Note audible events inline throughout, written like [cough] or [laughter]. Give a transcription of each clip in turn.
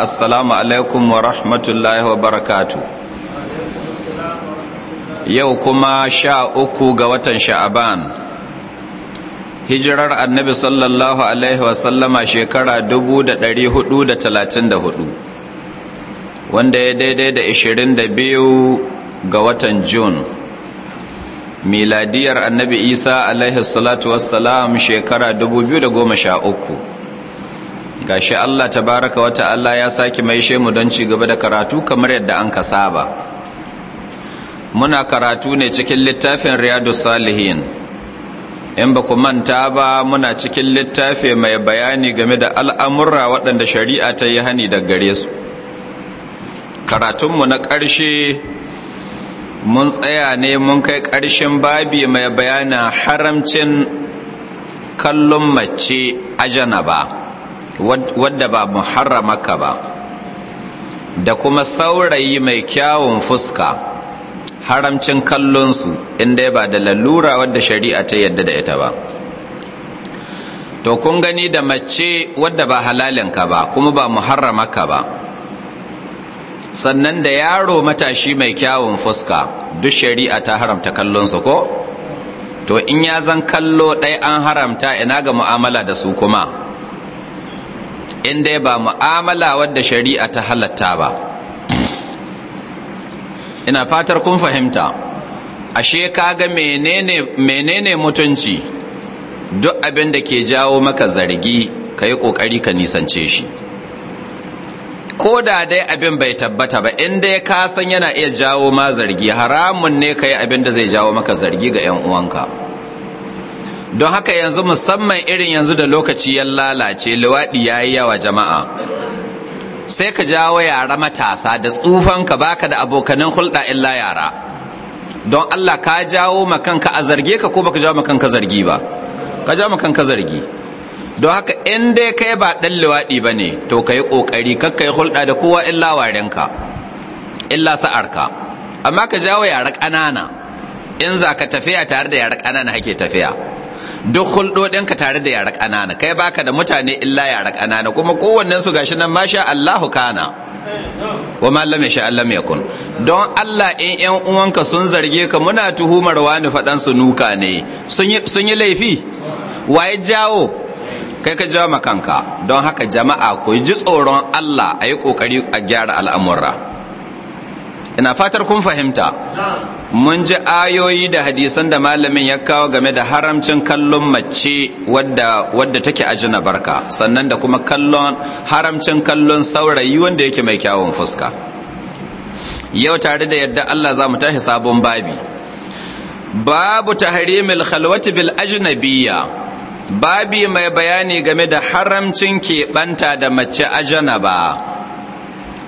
assalamu alaikum wa rahmatullahi wa barakatu yau kuma sha uku ga watan sha'aban hijirar annabi sallallahu alaihi wasallama shekara hudu, wanda ya daidai da ishirin da biyu ga watan Jun. miladiyar annabi isa alaihi salatu wassalam shekara uku. gashi Allah ta baraka wa ta'ala ya sake maishe mu don ci gaba da karatu kamar yadda an ka saba muna karatu ne cikin littafin riyadu salihin in ba ku manta ba muna cikin littafi mai bayani game da al'amurra waɗanda shari'a ta yi hani da gare su karatunmu na ƙarshe mun tsaya ne mun kai ƙarshen babi mai bayanin haramcin kallon mace a ba. wadda ba mu muharramaka ba da kuma saurayi mai kyawun fuska haramcin kallonsu inda ba da lalura wadda shari'a ta yadda da ita ba to kun gani da mace wadda ba halalinka ba kuma ba mu muharramaka ba sannan da yaro matashi mai kyawun fuska duk shari'a ta haramta kallonsu ko to in ya zan kallo ɗai an haramta ina ga mu'amala da su kuma in dai ba mu'amala wadda shari'a ta halatta ba ina fatar kun fahimta ashe kaga menene menene mutunci duk abin da ke jawo maka zargi ka yi ka nisance shi ko da dai abin bai tabbata ba in dai ka san yana iya jawo ma zargi haramun ne ka abin da zai jawo maka zargi ga 'yan uwanka don haka yanzu musamman irin yanzu da lokaci ya lalace luwaɗi ya yi yawa jama'a sai ka jawo yara matasa da tsufan ka baka da abokanin hulɗa illa yara don Allah ka jawo makanka a zarge ka ko baka jawo makanka zargi ba ka jawo makanka zargi don haka in dai kai ba ɗan luwaɗi ba ne to ka yi ƙoƙari kakka hulɗa da kowa illa warenka illa sa'arka amma ka jawo yara ƙanana in za ka tafiya tare da yara ƙanana hake tafiya duk hulɗoɗinka tare da yara ƙanana kai baka da mutane illa yara ƙanana kuma kowannen su gashi nan masha Allahu kana wa mallam lam yasha Allah kun don Allah in ƴan uwanka sun zarge ka muna tuhumar wani faɗan su nuka ne sun yi laifi waye jawo kai ka jawo ma kanka don haka jama'a ku ji tsoron Allah a yi ƙoƙari a gyara al'amura ina fatar kun fahimta mun ji ayoyi da hadisan da malamin ya kawo game da haramcin kallon mace wadda wadda take ajina barka sannan da kuma kallon haramcin kallon saurayi wanda yake mai kyawun fuska yau tare da yadda Allah za mu tashi sabon babi babu tahrimil khalwati bil ajnabiyya babi mai bayani game da haramcin keɓanta da mace ajana ba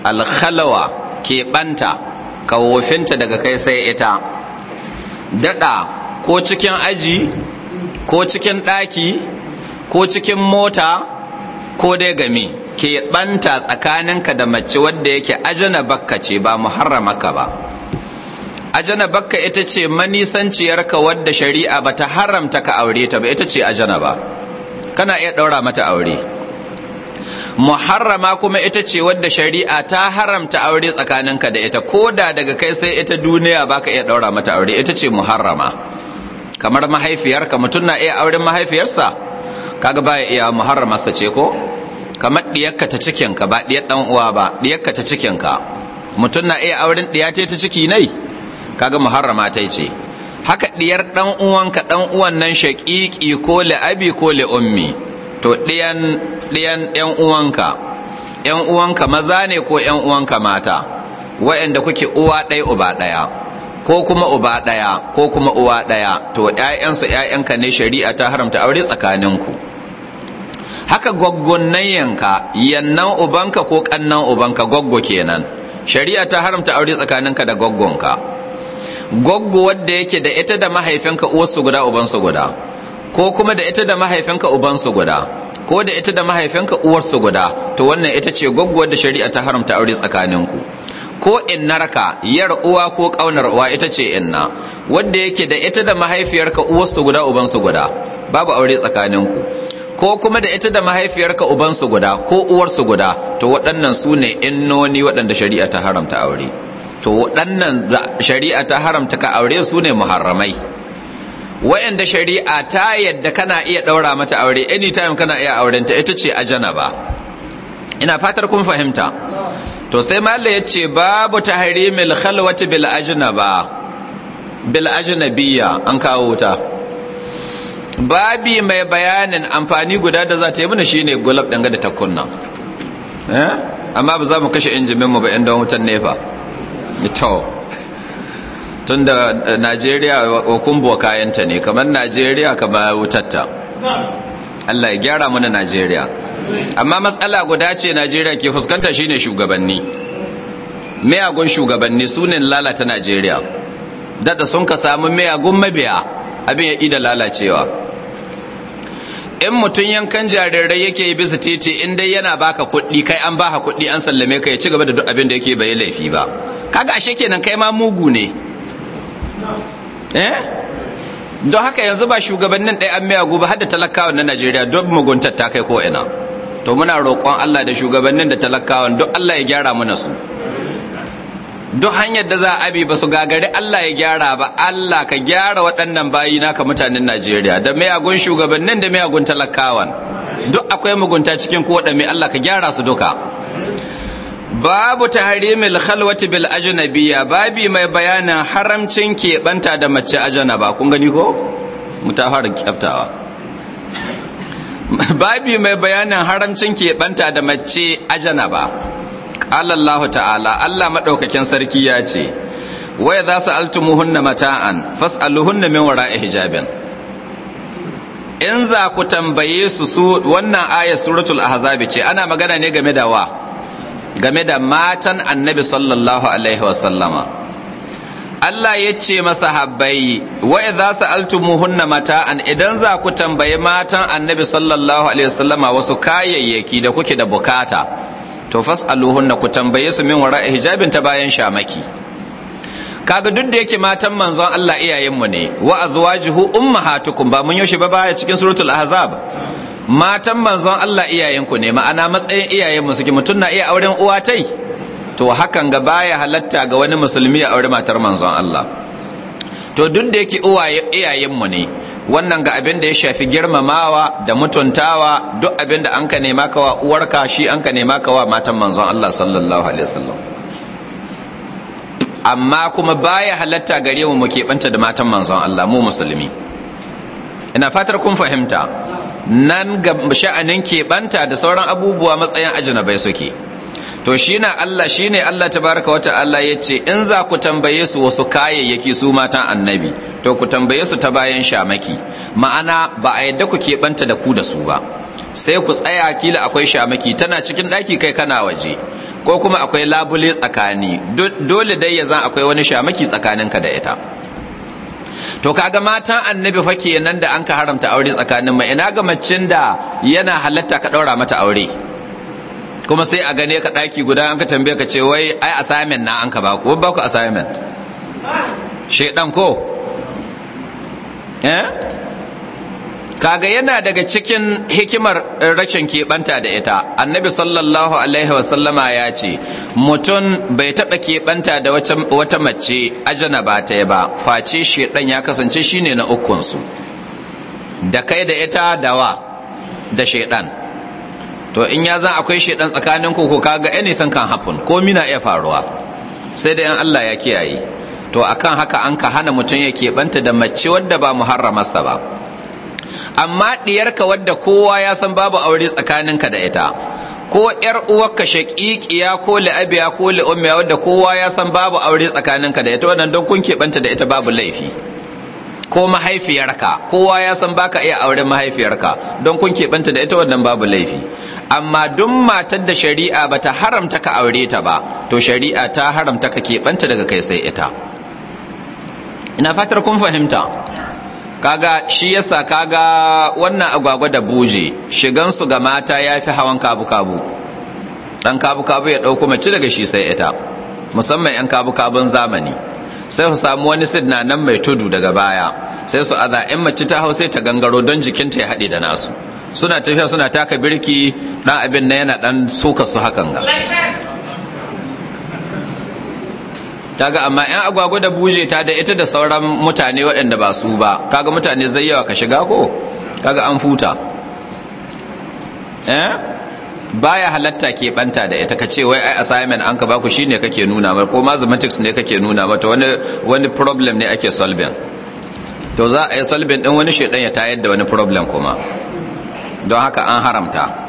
al khalwa keɓanta kawofinta daga kai sai ita daɗa ko cikin aji ko cikin ɗaki ko cikin mota ko dai game ke ɓanta tsakaninka da mace wadda yake ajana bakka ce ba muharramaka ba ajana bakka ita ce manisanciyarka wadda shari'a ba ta haramta ka aure ta ba ita ce ajana ba kana iya ɗaura mata aure muharrama kuma ita ce wadda shari'a ta haramta aure tsakaninka da ita ko da daga kai sai ita duniya baka iya daura mata aure ita ce muharrama kamar mahaifiyarka mutum na iya auren mahaifiyarsa kaga baya iya muharramarsa ce ko kamar diyarka ta cikinka ba diyar dan uwa ba diyarka ta cikinka mutum na iya auren diya ta ciki nai kaga muharrama ta ce haka diyar dan uwanka dan uwan nan shaqiqi ko li abi ko li ummi to ɗiyan ɗiyan ɗan uwanka ɗan uwanka maza ne ko ɗan uwanka mata wa'anda kuke uwa ɗaya uba ɗaya ko kuma uba ɗaya ko kuma uwa ɗaya to ‘ya'yansu ‘ya'yanka ne shari'a ta haramta aure tsakaninku haka yanka yannan ubanka ko ƙannan ubanka goggo kenan shari'a ta haramta aure tsakaninka da goggonka goggo wadda yake da ita da mahaifinka uwarsu guda ubansu guda ko kuma da ita da mahaifinka ubansu guda ko da ita da mahaifinka uwarsu guda to wannan ita ce gwaggwar da shari'a ta haramta aure tsakaninku ko naraka yar uwa ko kaunar uwa ita ce inna wanda yake da ita da mahaifiyarka uwarsu guda ubansu guda babu aure tsakaninku ko kuma da ita da mahaifiyarka ubansu guda ko uwarsu guda to waɗannan su ne innoni waɗanda shari'a ta haramta aure to waɗannan shari'a ta haramta ka aure su ne muharramai wa'anda shari'a ta yadda kana iya ɗaura mata aure anytime kana iya auren ta ita ce a janaba ina fatar kun fahimta to sai malla ya ce babu tahrimil khalwati bil ajnaba bil ajnabiyya an kawo ta babi mai bayanin amfani guda da za ta yi mana shine gulab danga da takunna eh amma ba za mu kashe injimin mu ba inda wutan nefa to tun da eh, najeriya okumbo kayanta ne kamar najeriya kamar wutatta allah ya gyara mana najeriya amma matsala guda ce najeriya ke fuskanta shine shugabanni mayagun shugabanni su ne lalata najeriya daɗa sun ka samu mayagun mabiya abin ya ida lalacewa in mutum yankan jarirai yake yi bisa titi in dai yana baka kuɗi kai an baka kuɗi an sallame ka ya ci gaba da duk abin da yake bai laifi ba kaga ashe kenan kai ma mugu ne eh don haka yanzu ba shugabannin ɗaya an maya gobe har da talakawan na najeriya don muguntar ta kai koina to muna roƙon allah da shugabannin da talakawan don allah ya gyara mana su duk hanyar da za a abi ba su gagari Allah ya gyara ba Allah ka gyara waɗannan bayi naka mutanen Najeriya da mayagun shugabannin da mayagun talakawan duk akwai mugunta cikin kowaɗanne Allah ka gyara su duka babu ta tahrimil khalwati bil ajnabiyya babi mai bayanin haramcin keɓanta da mace ajanaba kun gani ko mu ta fara kyaftawa [laughs] babi mai bayanin haramcin keɓanta da mace ajanaba qala Allah ta'ala Allah madaukakin sarki ya ce waya za su altumuhunna mata'an fas'aluhunna min wara'i hijabin in za ku tambaye su su wannan ayat suratul ahzab ce ana magana ne game da wa game da matan annabi sallallahu alaihi wasallama Allah ya ce masa habbai wa idza sa'altumuhunna mata'an idan za ku tambayi matan annabi sallallahu alaihi wasallama wasu kayayyaki da kuke da bukata to fas'aluhunna ku tambaye su min wara hijabin ta bayan shamaki kaga duk da yake matan manzon Allah iyayenmu ne wa azwajuhu ummahatukum ba mun yoshi ba baya cikin suratul ahzab matan manzon Allah iyayenku ne ma'ana matsayin iyayenmu suke mutum na iya auren uwa tai to hakan ga baya halatta ga wani musulmi ya aure matar manzon Allah to duk da yake iyayenmu ne wannan ga abin da ya shafi girmamawa da mutuntawa duk abin da an ka nema kawa uwarka shi an ka nema kawa matan manzon Allah sallallahu alaihi wasallam amma kuma baya halatta gare mu mu keɓanta da matan manzon Allah mu musulmi ina fatar kun fahimta nan ga sha'anin keɓanta da sauran abubuwa matsayin bai suke to shi na Allah shi ne Allah ta baraka wata Allah ya ce in za ku tambaye su wasu kayayyaki su matan annabi to ku tambaye su ta bayan shamaki ma'ana ba a yadda ku keɓanta da ku da su ba sai ku tsaya kila akwai shamaki tana cikin ɗaki kai kana waje ko kuma akwai labule tsakani dole dai ya zan akwai wani shamaki tsakaninka da ita to kaga matan annabi fa kenan da an ka haramta aure tsakanin mai ina ga macin da yana halatta ka daura mata aure kuma sai a gane ka daki guda an ka tambaye ka ce wai ai assignment na an ka ba ku ba ku assignment shedan ko eh kaga yana daga cikin hikimar eh, rashin keɓanta da ita annabi sallallahu alaihi wasallama ya ce mutum bai taɓa keɓanta da wata mace ajana ba ta ba face shi ya kasance shine na ukunsu da kai da ita dawa da shaidan to in ya zan akwai shaidan tsakanin ku kaga anything kan happen komi na iya faruwa sai da in Allah ya kiyaye to akan haka an ka hana mutum ya keɓanta da mace wadda ba muharramarsa ba amma diyarka wadda kowa ya san babu aure tsakaninka da ita ko yar uwarka shaqiqiya ko la'abiya ko la'ummiya wadda kowa ya san babu aure tsakaninka da ita wannan don kun keɓanta da ita babu laifi ko mahaifiyarka kowa ya san baka iya auren mahaifiyarka don kun keɓanta da ita wannan babu laifi amma duk matar da shari'a bata haramta ka aure ta ba to shari'a ta haramta ka keɓanta daga kai sai ita ina fatar kun fahimta kaga shi yasa kaga wannan agwagwa da buje shigansu ga mata ya fi hawan kabu-kabu ɗan kabu-kabu ya ɗauko mace daga shi sai ita musamman 'yan kabu-kabun zamani sai su samu wani sidna nan mai tudu daga baya sai su aza 'yan mace ta hau sai ta gangaro don jikinta ya haɗe da nasu suna tafiya suna taka birki ɗan abin na yana ɗan suka su hakan ga kaga amma yan agwagwa da buje ta da ita da sauran mutane waɗanda ba su ba kaga mutane zai yawa ka shiga ko kaga an futa eh baya halatta ke banta da ita kace wai ai assignment an ka baku shine kake nuna ba ko mathematics ne kake nuna mata wani wani problem ne ake solving to za a yi solving din wani shedan ya tayar da wani problem kuma don haka an haramta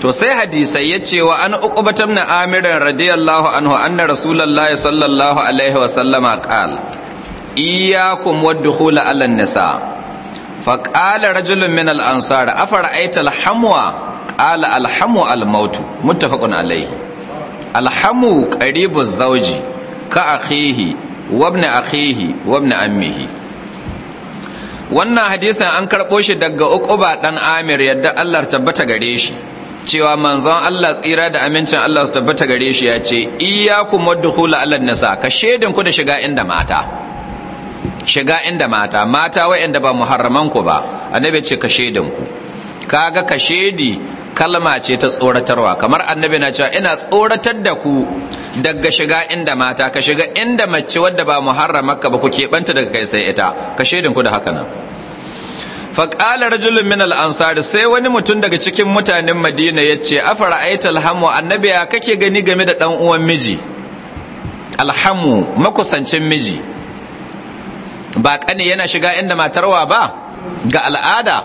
to sai hadisai ya ce wa an uqubatan na amirin radiyallahu anhu an anna rasulullahi sallallahu alaihi wa sallama qal iyyakum hula ala nisa fa qala rajulun min al ansar afara'aita aita alhamuwa qala al almautu al maut alaihi Alhamu hamu zauji zawji ka akhihi wa ibn akhihi wa ibn ammihi wannan hadisin an karɓo shi daga uku ba ɗan amir yadda Allah tabbata gare shi cewa manzon Allah tsira da amincin Allah su tabbata gare shi ya ce iyyakum wadkhula ala nisa ka shedin ku da shiga inda mata shiga inda mata mata wayanda ba muharraman ku ba annabi ce ka shedin ku kaga ka shedi kalma ce ta tsoratarwa kamar annabi na cewa ina tsoratar da ku daga shiga inda mata ka shiga inda mace wadda ba ka ba ku keɓanta daga kai sai ita ka shedin ku da haka nan faƙala rajulun min al'ansari sai wani mutum daga cikin mutanen madina ya ce afara aita alhamu annabi ya kake gani game da ɗan uwan miji alhamu makusancin miji ba ƙane yana shiga inda matarwa ba ga al'ada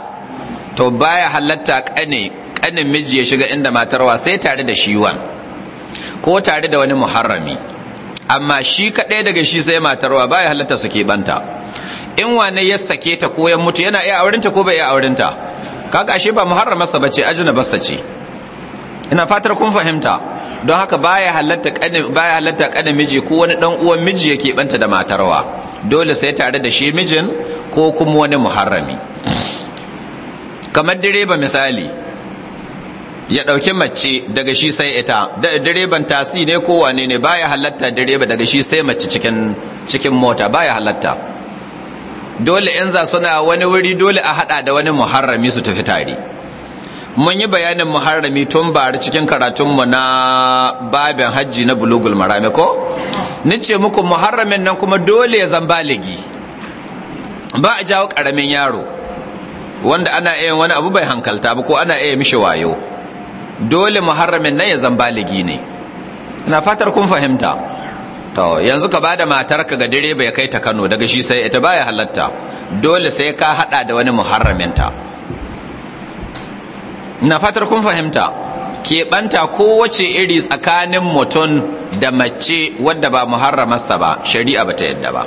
to baya halatta ƙane ƙanin miji ya shiga inda matarwa sai tare da shiwan ko tare da wani muharrami amma shi kaɗai daga shi sai matarwa baya halatta suke ɓanta in wane ya sake ta ko ya mutu yana iya aurinta ko bai iya aurinta kaga ashe ba muharramarsa bace ajnabarsa ce ina fatar kun fahimta don haka baya halatta kanin baya halatta miji ko wani dan uwan miji yake banta da matarwa dole sai tare da shi mijin ko kuma wani muharrami kamar direba misali ya ɗauki mace daga shi sai ita direban tasi ne ko wane ne baya halatta direba daga shi sai mace cikin cikin mota baya halatta dole in za suna wani wuri dole a hada da wani muharrami su tafi tare mun yi bayanin muharrami tun bari cikin karatunmu na babin hajji na bulugul marami ko ni ce muku muharramin nan kuma dole ya zan baligi ba a jawo karamin yaro wanda ana iya wani abu bai hankalta ba ko ana iya mishi wayo dole muharramin nan ya zan baligi ne na fatar kun fahimta to yanzu ka bada matar ka ga direba ya kai ta Kano daga shi sai ita baya halatta dole sai ka hada da wani muharraminta na fatar kun fahimta keɓanta wace iri tsakanin mutum da mace wadda ba muharramarsa ba shari'a bata yadda ba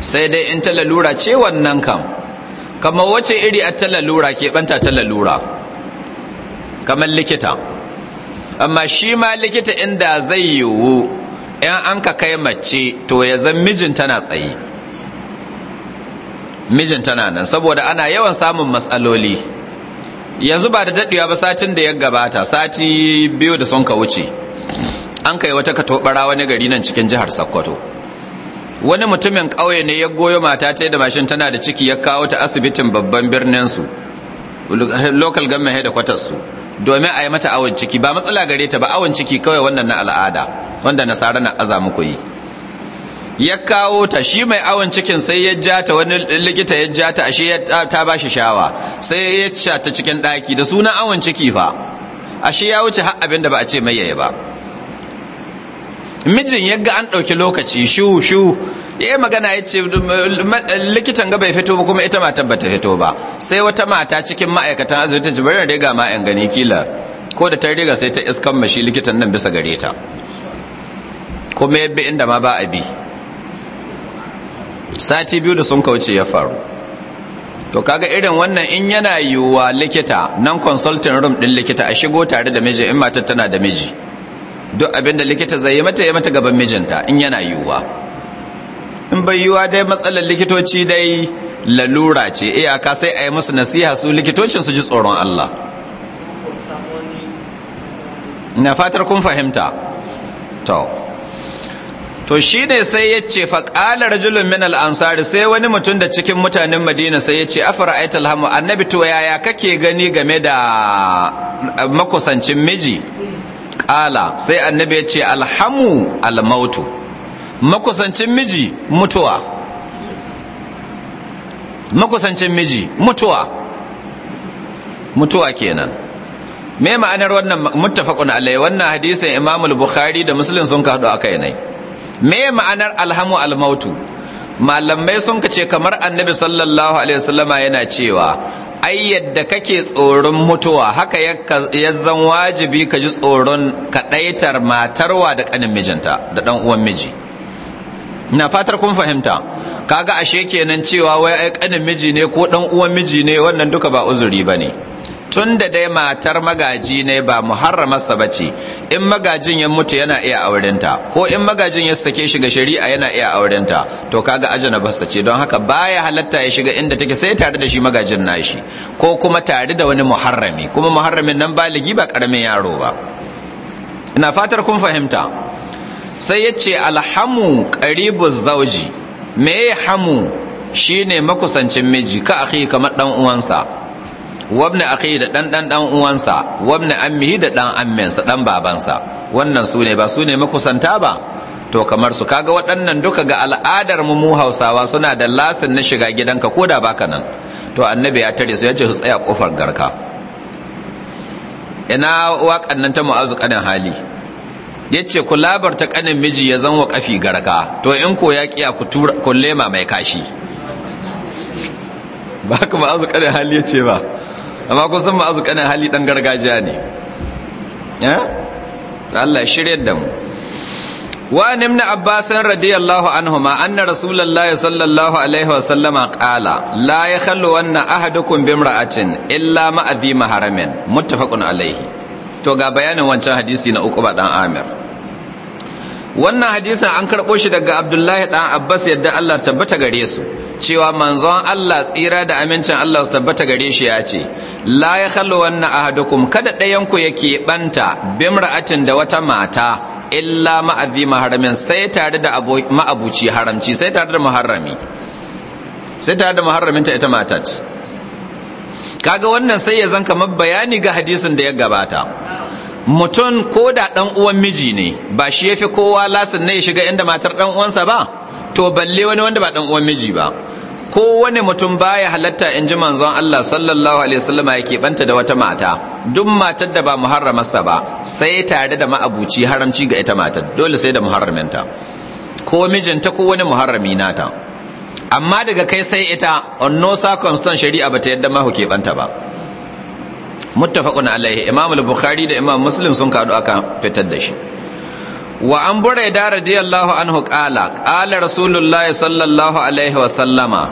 sai dai in ta lalura ce wannan kam kamar wace iri a ta lalura keɓanta ta lalura kamar likita amma shi ma likita inda zai yiwu yan an ka kai mace to ya zan mijin tana tsaye mijin tana nan saboda ana yawan samun matsaloli yanzu ba da daɗewa ba satin da ya gabata sati biyu da sun ka wuce an kai wata tobara wani gari nan cikin jihar sokoto wani mutumin ƙauye ne ya goyo mata ta da mashin tana da ciki ya kawo ta asibitin babban birnin su local government headquarters su domin a yi mata awon ciki ba matsala gare ta ba awon ciki kawai wannan na al'ada wanda nasara na aza muku yi ya kawo ta shi mai awon cikin sai ya ja ta wani likita ya ja ta ashe ta ba shi shawa sai ya ci ta cikin ɗaki da sunan awon ciki fa ashe ya wuce har abin da ba a ce mai yayi ba mijin ya ga an ɗauki lokaci shu shu ya eh, magana ya ce likitan gaba ya fito ba kuma ita matan bata fito ba sai wata mata cikin ma'aikatan asibitin jibar bari riga ma yan gani kila ko da ta riga sai ta iskan mashi likitan nan bisa gare ta kuma ya bi inda ma ba a bi sati biyu da sun kauce ya faru to kaga irin wannan in yana yiwuwa likita nan consulting room din likita a shigo tare da miji in matar tana da miji duk abinda likita zai yi mata ya mata gaban mijinta in yana yiwuwa in bai yiwa dai matsalar likitoci dai lalura ce iyaka sai a yi musu nasiha su likitocin su ji tsoron Allah na fatar kun fahimta to to shi ne sai ya ce faƙalar rajulun min al'ansari sai wani mutum da cikin mutanen madina sai ya ce afar aital hamu annabi to yaya kake gani game da makusancin miji ƙala sai annabi ya ce alhamu almautu makusancin miji mutuwa makusancin miji mutuwa mutuwa kenan me ma'anar wannan muttafaqun alai wannan hadisin Imam al-Bukhari da Muslim sun ka hado akai ne me ma'anar alhamu al-mautu, malamai sun ka ce kamar annabi sallallahu alaihi wasallama yana cewa ai yadda kake tsoron mutuwa haka ya zan wajibi ka ji tsoron kadaitar matarwa da kanin mijinta da ɗan uwan miji ina fatar kun fahimta kaga ashe kenan cewa wai ai kanin miji ne ko dan uwan miji ne wannan duka ba uzuri bane tun da dai matar magaji ne ba muharramarsa ba ce in magajin ya mutu yana iya aurenta ko in magajin ya sake shi ga shari'a yana iya aurenta to kaga ajana ce don haka baya halatta ya shiga inda take sai tare da shi magajin nashi ko kuma tare da wani muharrami kuma muharramin nan baligi ba karamin yaro ba ina fatar kun fahimta sai ya ce alhamu ƙaribu zauji me hamu shine makusancin miji ka akhi kamar dan uwansa wabna akhi da dan dan uwansa wabna ammihi da dan amminsa dan babansa wannan su ne ba su ne makusanta ba to kamar su kaga waɗannan duka ga al'adar mu Hausawa suna da lasin na shiga gidanka ko da baka nan to annabi ya tare su ya ce su tsaya kofar garka ina waƙannan nan ta mu'azu ƙanin hali ya ce ku labarta kanin miji ya zanwa kafi garka to in ko ya kiya ku lema mai kashi ba haka ma'azu kanin hali ya ce ba amma kun san ma'azu kanin hali dan gargajiya ne ya Allah shiryar da mu wa nimna abbasan radiyallahu anhuma anna rasulullahi sallallahu alaihi wa sallama qala la yakhallu wannan ahadukun bimra'atin illa ma'azi maharamin muttafaqun alaihi to ga bayanin wancan hadisi na uku ba dan amir wannan hadisin an karɓo shi daga abdullahi dan abbas yadda allah tabbata gare su cewa manzon allah tsira da amincin allah su tabbata gare shi ya ce la ya kallo wannan ahadukum kada ɗayanku ya keɓanta bimra'atin da wata mata illa ma'azi maharamin sai tare da ma'abuci haramci sai tare da muharrami sai tare da muharraminta ita matat kaga wannan sai ya zan kamar bayani ga hadisin da ya gabata mutum ko da ɗan uwan miji ne ba shi ya fi kowa lasin na ya shiga inda matar ɗan uwansa ba to balle wani wanda ba ɗan uwan miji ba ko wani mutum baya halatta in ji manzon Allah sallallahu alaihi wasallama yake banta da wata mata duk matar da ba muharramarsa ba sai tare da ma'abuci haramci ga ita matar dole sai da muharraminta ko mijinta ko wani muharrami nata amma daga kai sai ita on no circumstance shari'a bata yadda ma huke banta ba muttafaqun alaihi imam al-bukhari da imam muslim sun kadu aka fitar da shi wa an buraida radiyallahu anhu qala qala rasulullahi sallallahu alaihi wa sallama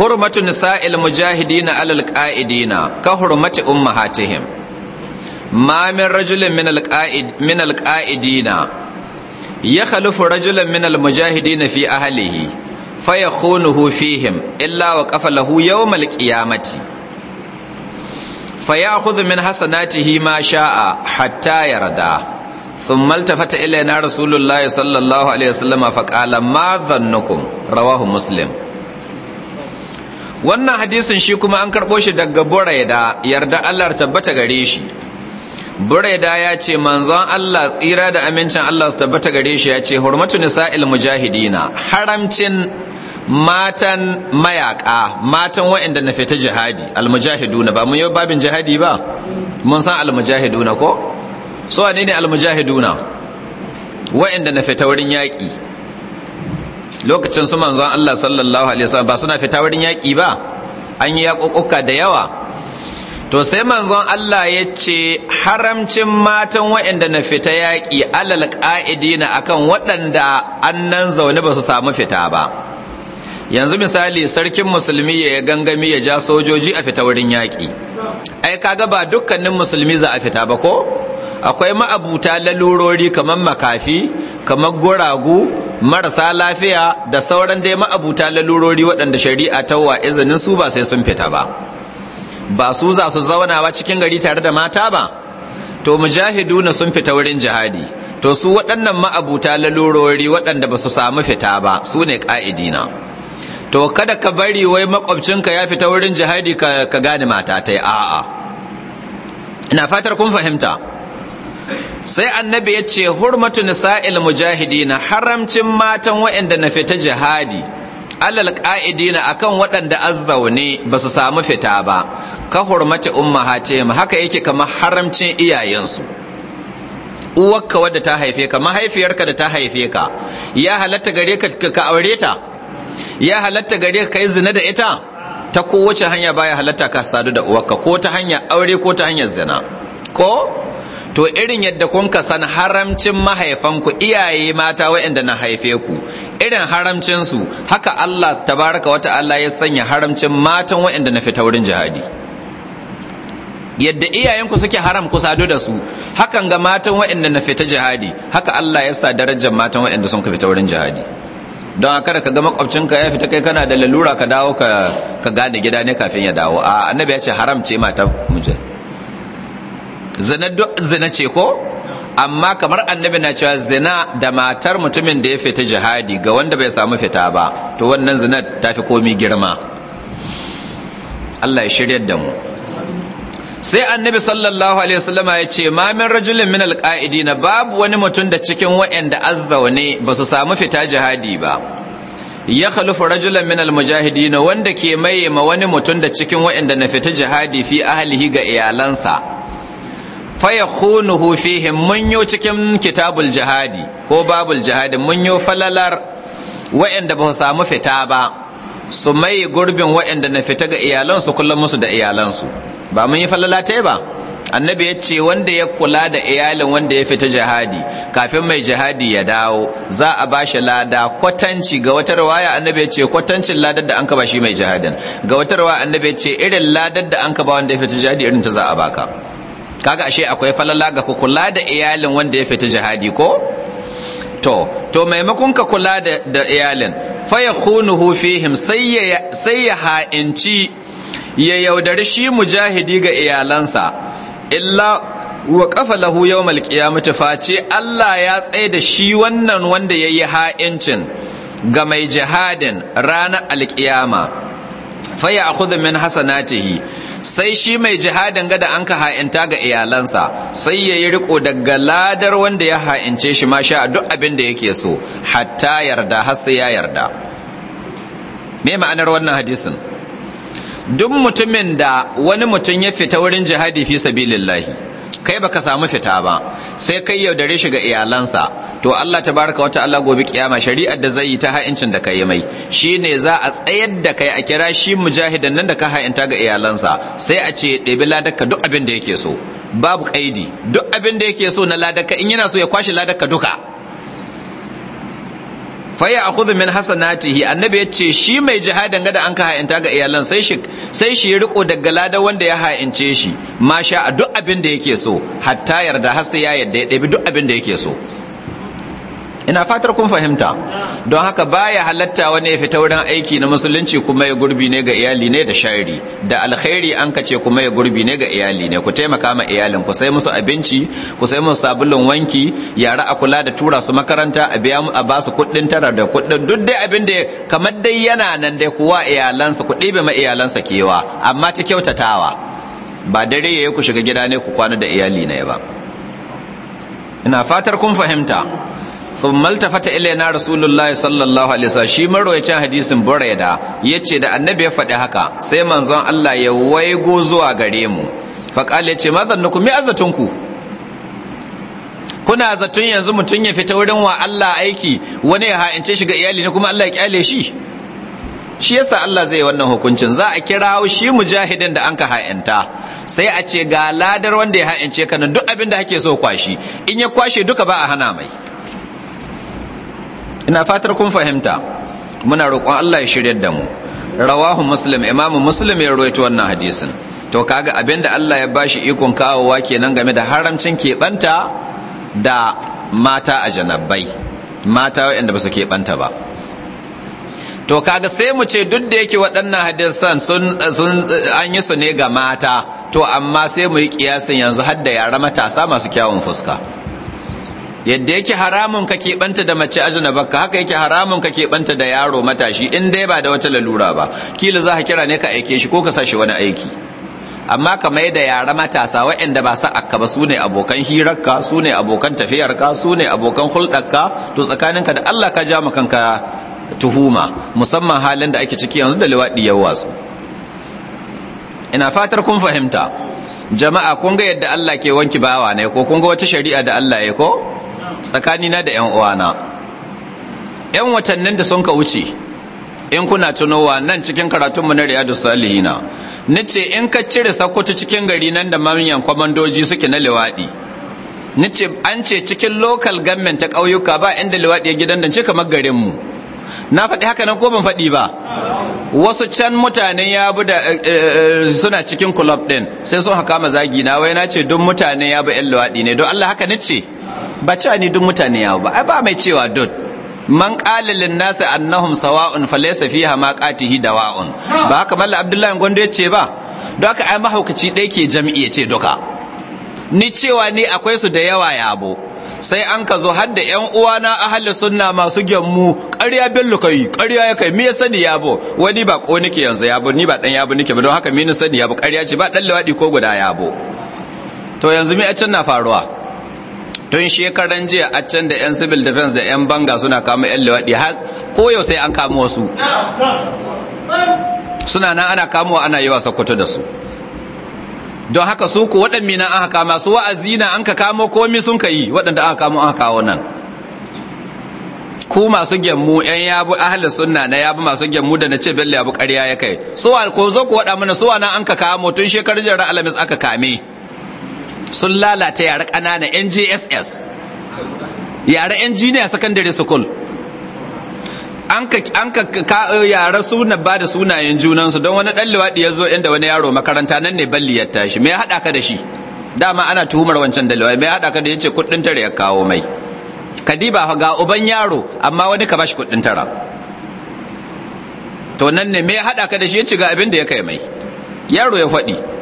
hurmatu nisa'il mujahidina alal qa'idina ka hurmati ummahatihim ma min rajulin min al-qa'id min al-qa'idina yakhlufu rajulan min al-mujahidina fi ahlihi Faya yakhunuhu fihim illa wa qafa lahu yawmal qiyamati fa ya'khudhu min hasanatihi ma sha'a hatta yarda ثم التفت إلينا رسول الله صلى الله عليه وسلم فقال ما ظنكم رواه wannan hadisin shi kuma an karɓo shi daga buraida yarda Allah tabbata gare shi buraida ya ce manzon Allah tsira da amincin Allah su tabbata gare shi ya ce hurmatu nisa'il mujahidina haramcin matan mayaka matan waɗanda na fita jihadi almujahiduna ba mun yi babin jihadi ba mun san almujahiduna ko so wane ne almujahiduna waɗanda na fita wurin yaƙi lokacin su manzon Allah sallallahu alaihi wasallam ba suna fita wurin yaƙi ba an yi yaƙuƙuka da yawa to sai manzon Allah ya ce haramcin matan waɗanda na fita yaƙi alal ƙa'idina akan waɗanda annan zaune ba su samu fita ba yanzu misali sarkin musulmi ya gangami ya ja sojoji a fita wurin yaƙi ai kaga ba dukkanin musulmi za a fita ba ko akwai ma'abuta lalurori kamar makafi kamar guragu marasa lafiya da sauran dai ma'abuta lalurori waɗanda shari'a ta wa izinin su ba sai sun fita ba ba su za su zauna ba cikin gari tare da mata ba to na sun fita wurin jihadi to su waɗannan ma'abuta lalurori waɗanda ba su samu fita ba su ne ƙa'idina to kada ka bari wai makwabcinka ya fita wurin jihadi ka gane mata ta a'a ina fatar kun fahimta sai annabi ya ce hurmatu nisa'il mujahidina haramcin matan waɗanda na fita jihadi alal ka'idina akan waɗanda azzaune ba su samu fita ba ka hurmati ummahatihim haka yake kamar haramcin iyayensu uwarka wadda ta haife ka mahaifiyarka da ta haife ka ya halatta gare ka ka aure ta ya halatta gare ka yi zina da ita ta kowace hanya baya halatta ka sadu da uwarka ko ta hanya aure ko ta hanyar zina ko to irin yadda kun ka san haramcin mahaifanku iyaye mata waɗanda na haife ku irin haramcin su haka Allah tabaraka wata Allah ya sanya haramcin matan waɗanda na fita wurin jihadi yadda iyayenku suke haram ku sadu da su hakan ga matan waɗanda na fita jihadi haka Allah ya sa darajar matan waɗanda sun ka fita wurin jihadi don kada ka ga makwabcinka ya fita kai kana da lalura ka dawo ka gane gida ne kafin ya dawo a annabi ya ce haram ce mata muje zina ce ko amma kamar annabi na cewa zina da matar mutumin da ya fita jihadi ga wanda bai samu fita ba to wannan zina ta fi komi girma Allah ya shirya da mu sai annabi sallallahu alaihi wasallama ya ce ma min rajulin min alqa'idina babu wani mutum da cikin waɗanda azzaune ba su samu fita jihadi ba ya khalufu rajulan min almujahidina wanda ke maye ma wani mutum da cikin waɗanda na fita jihadi fi ahlihi ga iyalansa fayakhunuhu fihim mun yo cikin kitabul jihadi ko babul jihadi mun yo falalar wa'anda ba su samu fita ba su mai gurbin wa'anda na fita ga iyalansu kullum musu da iyalansu ba mun yi falala ta ba annabi ya ce wanda ya kula da iyalin wanda ya fita jihadi kafin mai jihadi ya dawo za a ba shi lada kwatanci ga wata rawaya annabi ya ce kwatancin ladar da an ka ba shi mai jihadin ga wata rawaya annabi ya ce irin ladar da an ka ba wanda ya fita jihadi irin ta za a baka kaga ashe akwai falala ga ku kula da iyalin wanda ya fita jihadi ko to to maimakon ka kula da iyalin fa yakhunuhu fihim sai ya ha'inci ya yaudari shi mujahidi ga iyalansa illa wa kafa lahu yawmal qiyamati face Allah ya tsaye da shi wannan wanda yayi ha'incin ga mai jihadin ranar alƙiyama. faya akhudhu min hasanatihi sai shi mai jihadin gada an ka ha'inta ga iyalansa sai ya yi riko daga ladar wanda ya ha'ince shi ma sha duk abin da yake so hatta yarda har ya yarda me ma'anar wannan hadisin duk mutumin da wani mutum ya fita wurin jihadi fi sabilillahi kai baka samu fita ba sai kai yaudare shi ga iyalansa to Allah ta baraka wata Allah gobe kiyama shari'ar da zai yi ta ha'incin da kai mai Shi ne za a tsayar da kai a kira shi mujahidan nan da ka ha'inta ga iyalansa sai a ce ɗebi ladaka duk abin da yake so babu kaidi duk abin da yake so na ladaka in yana so ya kwashe ladaka duka faya a kudu min tihi annabi ya ce shi mai jihadin gada an ka ha'inta ga iyalan sai shi sai shi riko daga lada wanda ya ha'ince shi masha a duk abin da yake so hatta yarda har ya yadda ya ɗabi duk abin da yake so ina fatar kun fahimta don haka baya halatta wani ya fita wurin aiki na musulunci kuma ya gurbi ne ga iyali ne da shari da alkhairi an kace kuma ya gurbi ne ga iyali ne ku taimaka ma iyalin ku sai musu abinci ku sai musu sabulun wanki yara a kula da tura su makaranta a biya a ba su kuɗin tara da kuɗin duk dai abin da kamar dai yana nan dai kuwa iyalansa ku ɗibe ma iyalansa kewa amma ta kyautatawa ba dare yayi ku shiga gida ne ku kwana da iyali ne ba ina fatar kun fahimta fata ilai na rasulullahi sallallahu alaihi wasallam shi marwayacin hadisin buraida yace da annabi ya faɗi haka sai manzon Allah ya waigo zuwa gare mu fa qala yace ma zannukum mi azatunku kuna zatun yanzu mutum ya fita wurin wa Allah aiki wani ya ha'ince shiga iyali ne kuma Allah ya kyale shi shi yasa Allah zai wannan hukuncin za a kira shi mujahidin da anka ha'inta sai a ce ga ladar wanda ya ha'ince kanan duk abin da ake so kwashi in ya kwashe duka ba a hana mai ina fatar kun fahimta muna roƙon Allah ya shirya da mu rawahu muslim imamu muslim ya rawaito wannan hadisin to kaga abinda Allah ya bashi ikon kawowa kenan game da haramcin keɓanta da mata a janabbai mata waɗanda ba su keɓanta ba to kaga sai mu ce duk da yake waɗannan hadisan sun an yi su ne ga mata to amma sai mu yi kiyasin yanzu har da yara matasa masu kyawun fuska yadda yake haramun ka keɓanta da mace baka haka yake haramun ka keɓanta da yaro matashi in dai ba da wata lalura ba kila za ka kira ne ka aike shi ko ka sa shi wani aiki amma ka mai da yara matasa waɗanda ba sa'akka ba su ne abokan hirarka su ne abokan tafiyarka su ne abokan hulɗarka to tsakaninka da Allah ka ja kanka tuhuma musamman halin da ake ciki yanzu da liwaɗi ya wasu. ina fatar kun fahimta jama'a kun ga yadda Allah ke wanki bawa ne ko kun ga wata shari'a da Allah ya ko tsakanina da 'yan uwana 'yan watannin da sun ka wuce in kuna tunowa nan cikin karatunmu na riyadu salihina na ce in ka cire sakkwato cikin gari nan da mamiyan kwamandoji suke na liwaɗi na ce an ce cikin lokal government ta ƙauyuka ba inda liwaɗi ya gidan dan kamar garinmu na faɗi haka nan ko ban faɗi ba wasu can mutanen ya bu da eh, eh, suna cikin club din sai sun haka mazagi na wai na ce duk mutanen ya bu 'yan liwaɗi ne don allah haka nace ce ba cewa ni duk mutane yawo ba ai ba mai cewa dot man qala lin nasi annahum sawa'un falaysa fiha ma qatihi dawa'un ba haka malla abdullahi gondo yace ba don haka ai mahaukaci dai ke jami'i yace doka ni cewa ni akwai su da yawa yabo sai an ka zo har da yan uwana ahli sunna masu gemmu ƙarya bello kai ƙarya ya kai me ya sani yabo wani ba ko nake yanzu yabo ni ba dan yabo nake ba don haka me ni sani yabo ƙarya ce ba dan lawadi ko guda yabo to yanzu me a can na faruwa tun shekaran jiya a can da 'yan civil defense da 'yan banga suna kama 'yan lewaɗi har koyo sai an kama wasu suna nan ana wa ana yi wa sokoto da su don haka su ku waɗanne na aka kama su wa'azi na an ka kamo komi sun ka yi waɗanda aka kama aka kawo nan ku masu gyammu yan yabu ahli sunna na yabu masu gyammu da na ce bello yabu ƙarya ya kai suwa ko zo ku waɗa mana suwa na an ka kamo tun shekarar jira alamis aka kame sun lalata yare ƙanana njss Yare engineer secondary school an ka yara suna ba da sunayen junansu don wani dan liwaɗi ya zo inda wani yaro makaranta nan ne balli ya tashi me ya haɗa ka da shi dama ana tuhumar wancan da liwaɗi me ya haɗa ka da yace kuɗin tare ya kawo mai kadiba ga uban yaro amma wani ka bashi kuɗin tara to nan ne me ya haɗa ka da shi ya ci ga abin da ya kai mai yaro ya faɗi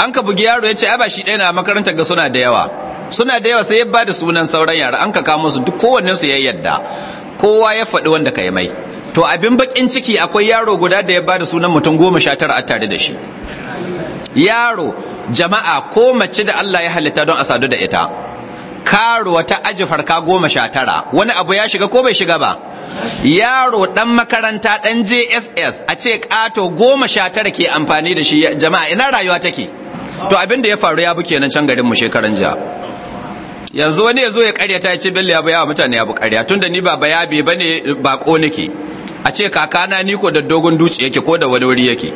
an ka bugi yaro ya ce ai ba shi ɗaya na makarantar ga suna da yawa suna da yawa sai ya ba da sunan sauran yara an ka kamo su duk kowanne su ya yadda kowa ya faɗi wanda ka yi mai to abin bakin ciki akwai yaro guda da ya ba da sunan mutum goma sha tara a tare da shi yaro jama'a ko mace da Allah ya halitta don a sadu da ita Karo ta aji farka goma sha tara wani abu ya shiga ko bai shiga ba yaro dan makaranta dan jss a ce kato goma sha tara ke amfani da shi jama'a ina rayuwa take to abin da ya faru ya bi kenan can garin mu shekaran jiya yanzu wani ya zo ya karyata ya ce billa ya bayawa mutane ya bu karya tunda ni ba bayabe bane bako nake a ce kakana ni ko da dogon duci yake ko da wani wuri yake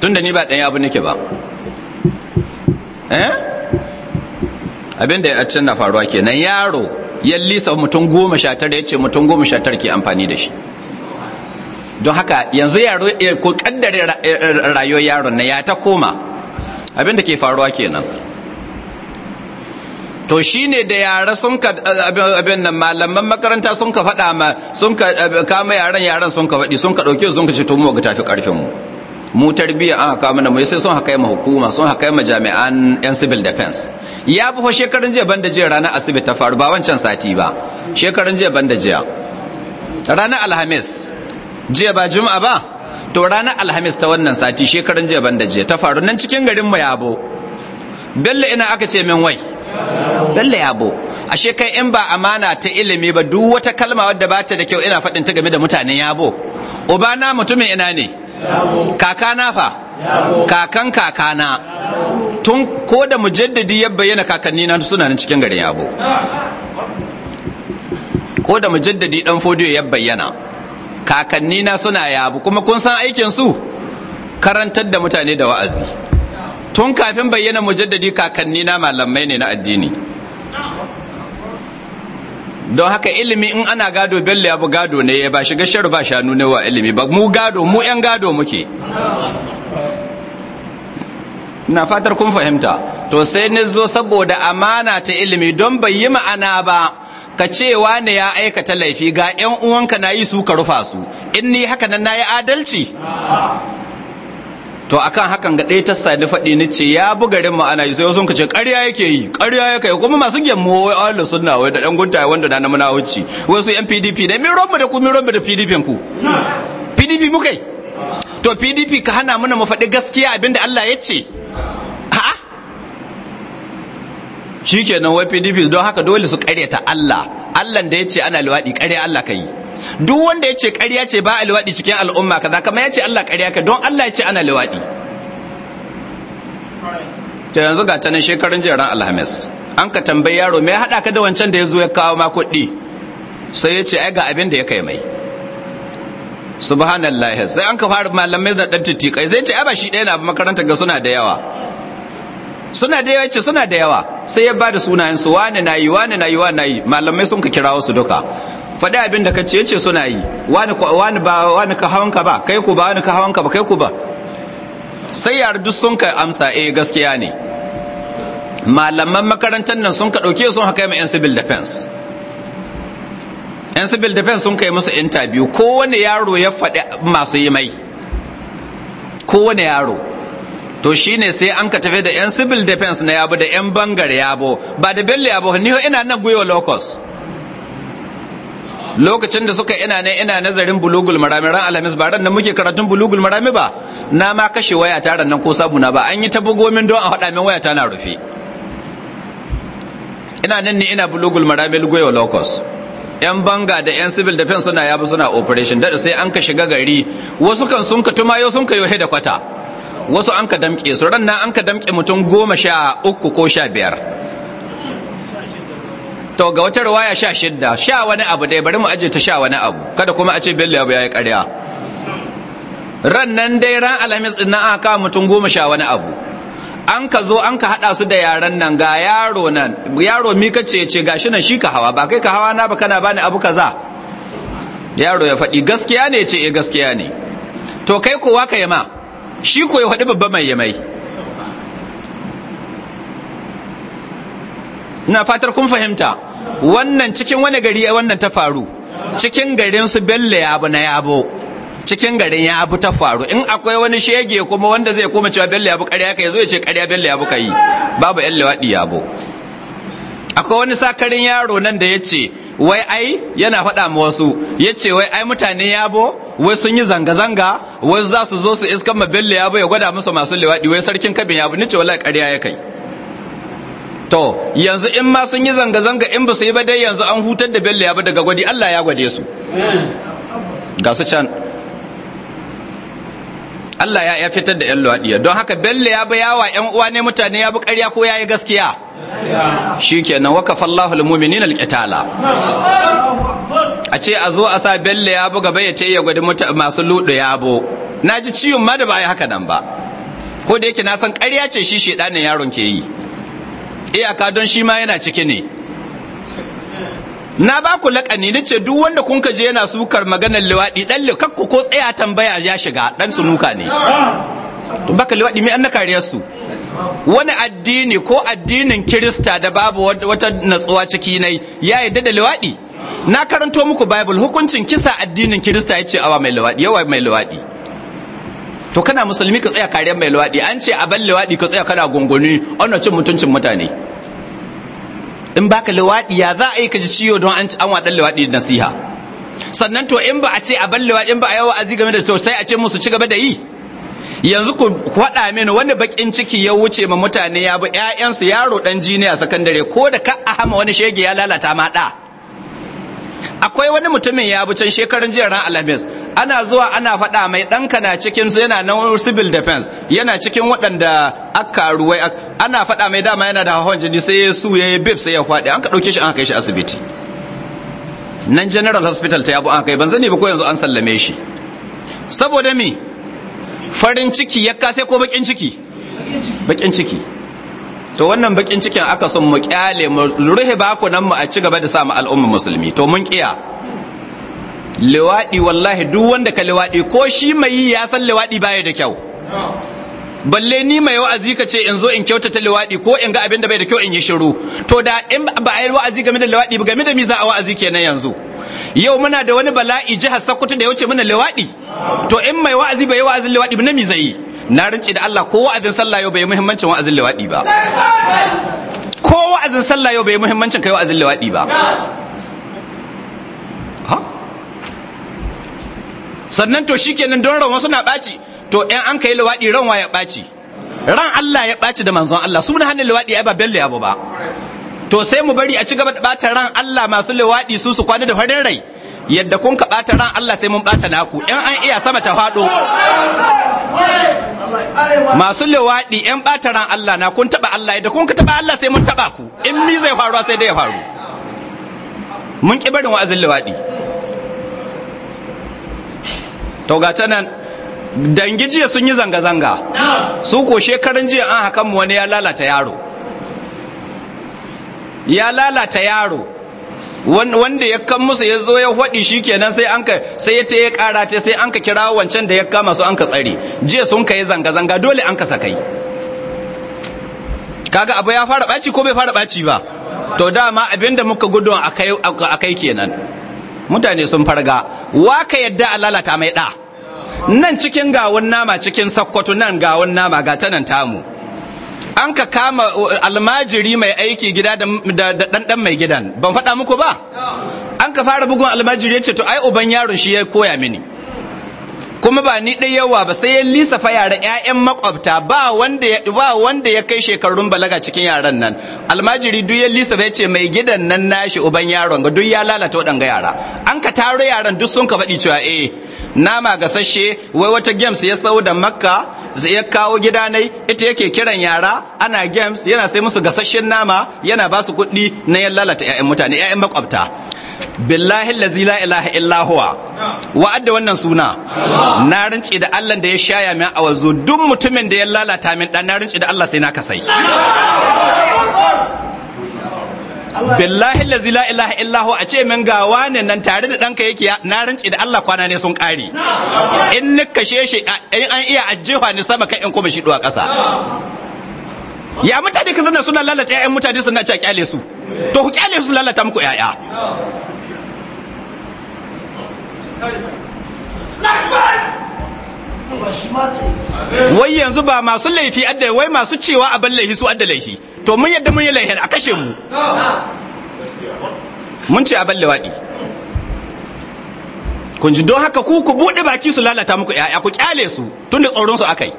tunda ni ba dan yabu nake ba eh abin da ya can na faruwa kenan yaro ya lisa mutum goma sha tara ya ce mutum goma sha tara ke amfani da shi don haka yanzu yaro ko kaddare eh, eh, rayuwar yaron na ya ta koma abin da ke faruwa kenan to shi ne da yara sun ka eh, abin nan malaman makaranta sun ka faɗa ma sun ka kama yaran yaran sun ka faɗi sun ka ɗauke sun ka ce to mu ga tafi ƙarfin mu mu tarbiyya an haka mana mu sai sun haka ma hukuma sun haka ma jami'an yan civil defense ya bi shekarun jiya banda jiya ranar asibiti ta faru ba wancan sati ba shekarun jiya banda jiya ranar alhamis jiya ba juma'a ba to ranar alhamis ta wannan sati shekarun jiya banda jiya ta faru nan cikin garin mu yabo bello ina aka ce min wai bello yabo ashe kai in ba amana ta ilimi ba duk wata kalma wadda ba ta da kyau ina faɗin ta game da mutanen yabo ubana mutumin ina ne kakana fa kakan kakana tun ko da mujaddadi ya bayyana kakanni na suna nan cikin garin yabo ko da mujaddadi dan fodiyo ya bayyana kakanni na suna yabo kuma kun san aikin su karantar da mutane da wa'azi tun kafin bayyana mujaddadi kakanni na malamai ne na addini don haka ilimi in ana gado bello ya bu gado ne ya ba shiga sharu ba shanu ne wa ilimi ba mu gado mu yan gado muke na fatar kun fahimta to sai ni zo saboda amana ta ilimi don bai yi ma'ana ba ka ce wane ya aikata laifi ga 'yan uwanka na yi su ka rufa su in ni haka nan na yi adalci to akan hakan ga ɗaya ta sani faɗi ni ce ya bu garin mu ana yi sai wasu ce ƙarya yake yi ƙarya yake yi kuma masu gyammo wai ahlu sunna wai da ɗan gunta wanda da na muna wuce wasu yan PDP da min romba da ku min romba da PDP ku PDP mu kai to PDP ka hana mana mu faɗi gaskiya abinda Allah ya ce shikenan wai PDP don haka dole su karyata Allah Allah da ce ana luwaɗi karya Allah ka yi duk wanda ya ce karya ce ba a luwaɗi cikin al'umma kaza kamar ce Allah karya ka don Allah ce ana luwaɗi. ta yanzu ga ta nan shekarun jeran Alhamis an ka tambayi yaro me ya hada ka da wancan da ya zo ya kawo ma kuɗi sai ya ce ai ga abin da ya kai mai subhanallah sai an ka fara malamai da ɗan titi kai sai ce ai ba shi ɗaya na makaranta ga suna da yawa suna da yawa suna da yawa sai ya bada sunayen su wani yi wani nayi wani yi malamai sun ka kira su duka faɗi abin da ka ce yace suna yi wani wani ba wani ka ka ba kai ku ba wani ka ka ba kai ku ba sai yar duk sun ka amsa eh gaskiya ne malaman makarantar nan sun ka dauke sun haka yi yan civil defense yan civil defense sun kai musu interview kowane yaro ya faɗi masu yi mai kowane yaro to shine sai an ka tafi da yan civil defense na yabo da yan bangar yabo ba da bello yabo ni ina nan guyo locus lokacin da suka ina ne ina nazarin bulugul marami ran alhamis ba ran nan muke karatun bulugul marami ba na ma kashe waya ta ran nan ko sabuna ba an yi ta bugomin don a hada min waya ta na rufe ina nan ne ina bulugul marami guyo locus yan banga da yan civil defense suna yabo suna operation da sai an ka shiga gari wasu kan sun ka tumayo sun ka yohe da kwata wasu an ka damƙe su ran nan an ka damƙe mutum goma sha uku ko sha biyar to ga wata ruwaya sha shidda sha wani abu dai bari mu aje ta sha wani abu kada kuma a ce bello abu ya yi ƙarya ran nan dai ran alhamis din nan aka mutum goma sha wani abu an ka zo an ka haɗa su da yaran nan ga yaro nan yaro mi ka ce ce gashi nan shi ka hawa ba kai ka hawa na ba kana bani abu kaza yaro ya faɗi gaskiya ne ce eh gaskiya ne to kai kowa ka yi ma shi ko ya faɗi babba mai yamai na fatar kun fahimta wannan cikin wani gari wannan ta faru cikin garin su bello yabo na yabo cikin garin yabo ta faru in akwai wani shege kuma wanda zai koma cewa bello yabo ƙarya ka zo ya ce ƙarya bello yabo ka yi babu yan lewaɗi yabo akwai wani sakarin yaro nan da ya ce wai ai yana faɗa ma wasu ya ce wai ai mutane yabo wai sun yi zanga-zanga wai za su zo su iskan mabelle yabo ya gwada musu masu lewaɗi wai sarkin kabin yabo ni ce wallahi ƙarya ya kai to yanzu in ma sun yi zanga-zanga in ba su yi ba dai yanzu an hutar da bello yabo daga gwadi allah ya gwade su ga su can allah ya fitar da yan luwaɗiya don haka bello ya ba yawa yan uwa ne mutane ya bi ƙarya ko ya yi gaskiya shikenan wakafa Allahu lil alqitala a ce a zo a sa Bello ya buga bai ta ya gwada masu ludu yabo na ji ciwon ma da ba yi haka nan ba ko da yake na san ƙarya ce shi shi ɗanin yaron ke yi iyaka don shi ma yana ciki ne na ba ku laƙani ni ce duk wanda kun je yana sukar maganar liwaɗi ɗan likakku ko tsaya tambaya ya shiga ɗan sunuka ne baka liwaɗi mai an na kariyar su wani addini ko addinin kirista da babu wata natsuwa ciki na ya yi da liwaɗi na karanto muku bible hukuncin kisa addinin kirista ya ce awa mai liwaɗi yawa mai liwaɗi to kana musulmi ka tsaya kariyar mai luwaɗi an ce a ban luwaɗi ka tsaya kana gunguni ana cin mutuncin mutane in baka luwaɗi ya za a yi ka ji ciwo don an waɗan luwaɗi nasiha sannan to in ba a ce a ban luwaɗi in ba a yawa azi game da to sai a ce musu ci gaba da yi yanzu ku faɗa mini wani bakin ciki ya wuce ma mutane ya bi ƴaƴansu yaro dan jini a sakandare ko da ka a hama wani shege ya lalata ma ɗa akwai wani mutumin ya bi can shekarun jiya ran alhamis ana zuwa ana faɗa mai ɗanka na cikin su yana nan civil defense yana cikin waɗanda aka ruwai ana faɗa mai dama yana da hawan jini sai ya su ya yi bib sai ya faɗi an ka ɗauke shi an kai shi asibiti nan general hospital ta yabo an kai ban zani ba ko yanzu an sallame shi saboda me farin ciki ya kase ko bakin ciki bakin ciki to wannan bakin cikin aka son mu kyale mu ruhe nan mu a ci gaba da samu al'umma musulmi to mun kiya liwaɗi wallahi duk wanda ka liwaɗi ko shi mai yi ya san liwaɗi baya da kyau balle ni mai wa'azi ka ce in zo in kyautata liwaɗi ko in ga abin da bai da kyau in yi shiru to da in ba a yi wa'azi game da ba game da mi za a wa'azi kenan yanzu yau muna da wani bala'i jihar Sokoto da ya wuce muna liwaɗi to in mai wa'azi bai yi wa'azin liwaɗi na mi zai na rince da Allah ko wa'azin sallah yau bai yi muhimmancin wa'azin liwaɗi ba ko wa'azin sallah yau bai yi muhimmancin kai wa'azin liwaɗi ba sannan to shikenan don ran suna ɓaci to in an kai liwaɗi ran wa ya ɓaci ran Allah ya ɓaci da manzon Allah su hannun liwaɗi ai ba bello ya ba to sai mu bari a ci gaba da bata ran Allah masu lewadi su su kwana da farin rai yadda kun ka bata ran Allah sai mun bata naku in an iya sama ta fado masu lewadi yan bata ran Allah na kun taba Allah yadda kun ka taba Allah sai mun taba ku in mi zai faruwa sai dai ya faru mun ki barin wa'azin lewadi to ga nan dangi jiya sun yi zanga-zanga su ko shekaran jiya an hakan mu wani ya lalata yaro ya lalata yaro wanda ya kan musu ya zo ya faɗi shi kenan sai an ka sai ya ta ya ƙara ta sai an ka kira wancan da ya kama su an ka tsare jiya sun ka yi zanga-zanga dole an ka sakai kaga abu ya fara ɓaci ko bai fara ɓaci ba to dama abin da muka gudu a kai kenan mutane sun farga wa ka yadda a lalata mai ɗa nan cikin gawon nama cikin sakkwato nan gawon nama ga tanan tamu an ka kama uh, almajiri mai aiki gida da ɗanɗan mai gidan ban faɗa muku ba an ka fara bugun almajiri ya ce to ai uban yaron shi ya koya mini kuma ba ni ɗaya yawa ba sai ya lissafa yara 'ya'yan makwabta ba wanda ya kai shekarun balaga cikin yaran nan almajiri duk ya lissafa ya ce mai gidan nan nashi uban yaron ga duk ya lalata waɗanga yara an ka taro yaran duk sun ka faɗi cewa eh nama gasashe wai wata games ya tsawo da makka ya kawo gida nai ita yake kiran yara ana games yana sai musu gasashen nama yana ba su kuɗi na yan lalata 'ya'yan mutane 'ya'yan makwabta billahi lazi la ilaha illa huwa wa'adda wannan suna na rinci da Allah da ya shaya min a wazo duk mutumin da ya lalata min dan na rinci da Allah sai na kasai billahi allazi la ilaha illahu a ce min ga wane nan tare da ɗanka yake na rance da Allah kwana ne sun ƙare in nika shi an iya ajjewa ni sama kan in kuma shi a ƙasa. ya mutane ka zana suna lalata ƴaƴan mutane suna a ƙyale su to ku ƙyale su lalata muku ƴaƴa Lakbar! wai yanzu ba masu laifi adda wai masu cewa a laifi su adda laifi to mun yadda mun yi laifi a kashe mu mun ce a lawadi kun ji don haka ku ku buɗe baki su lalata muku yaya ku kyale su tunda tsoron su akai